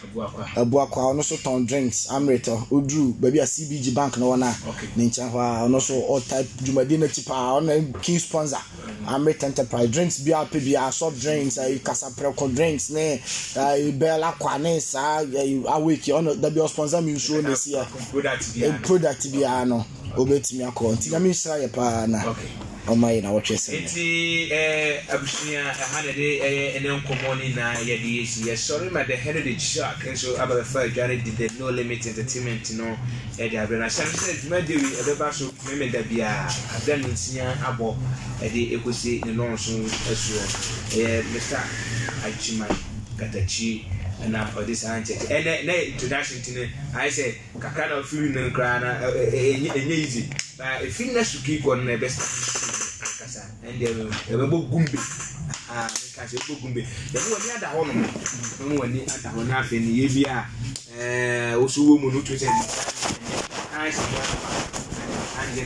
Speaker 1: abuakwa ɔno nso tɔn drinks amrit oduru baabi a cbg bank na wɔn a ne nkyɛn hɔ a ɔno nso ɔta dwumadie n'akyi paa ɔno king sponsor amrit enterprise drinks bi a pɛ bi a soft drinks ayi kasaprɛko drinks ne ayi bɛɛla kwa ne saa ayi awake ɔno dabi sponsor mi nsuo na esi
Speaker 2: yɛ
Speaker 1: product bi a no obetumi akɔ nti na nsira yɛ paa na ɔma yi na wɔtwe sɛ
Speaker 2: nti eh, abusua ɛha na de ɛyɛ ɛnɛ nkɔmɔ ne na yɛde yɛsi yɛsɔre ma de hɛn ɛde de kyerɛ aka nso abɛbɛfa adware de the no limit entertainment no ɛde abrɛ no ahyɛn sɛ adwuma de wi ɛbɛba so mɛmɛ da biara abrɛ no nsia abɔ ɛde ɛkɔsi ne nɔɔso ɛsoɔ ɛyɛ mr adwuma katakyi na ɔde saa nkyɛn ɛnɛ na introduction ti ne ayɛ sɛ kakra na ɔfiri no koraa na ɛnyɛ ɛnyɛ easy na efiri na sukuu kɔ no na ɛbɛsa ankasa ɛndeɛ ɛbɛbɔ gumbe aa kase gbogun be yɛmu wani ada hɔ nom yɛmu wani ada hɔ n'afɛ ni yebi a ɛɛ woso wo mu n'otu sɛ n'an sɛ yɛ an yɛ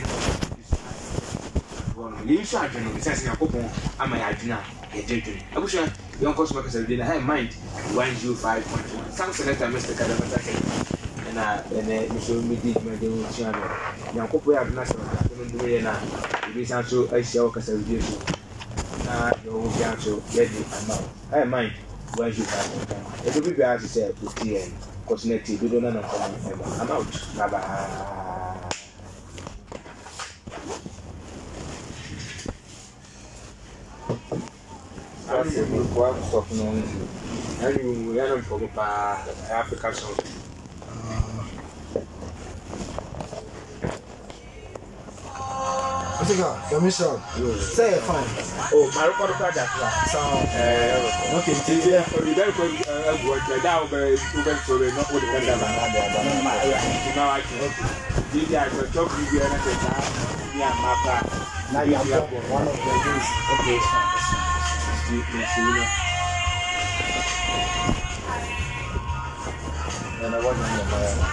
Speaker 2: yɛyi so adwene no sɛ nyankopɔn ama yɛ adwene a yɛgye dwene abusua yɛnkɔ so makasa bidie na high mind one zero five point one sam selector mr kadabata kɛ ɛna ɛnɛ nso medi dwumadi mu sua no nyankopɔn yɛ adwene asɛm a ɛno ndomo yɛ na ebi san so ahyia wɔ kasa bidie so na your own to get the amount. I mind when you have one time. It will be as say to TN, because next you don't know come ever. I'm out. Bye bye.
Speaker 1: Ase mi kò Africa I think ah, your mission. Say fine.
Speaker 2: Oh, my record card that one. So, eh, okay. Ti ya, o di dari ko eh go na da o be o be so be no o di kan da ba na da. No ma ya, ti ma wa ti. Ti ya ko chop ni bi na ke ta. Ni am ma pa. Na ya bo one of the days. Okay, fine. Ti ti si na.
Speaker 3: Na na wa ni na ba.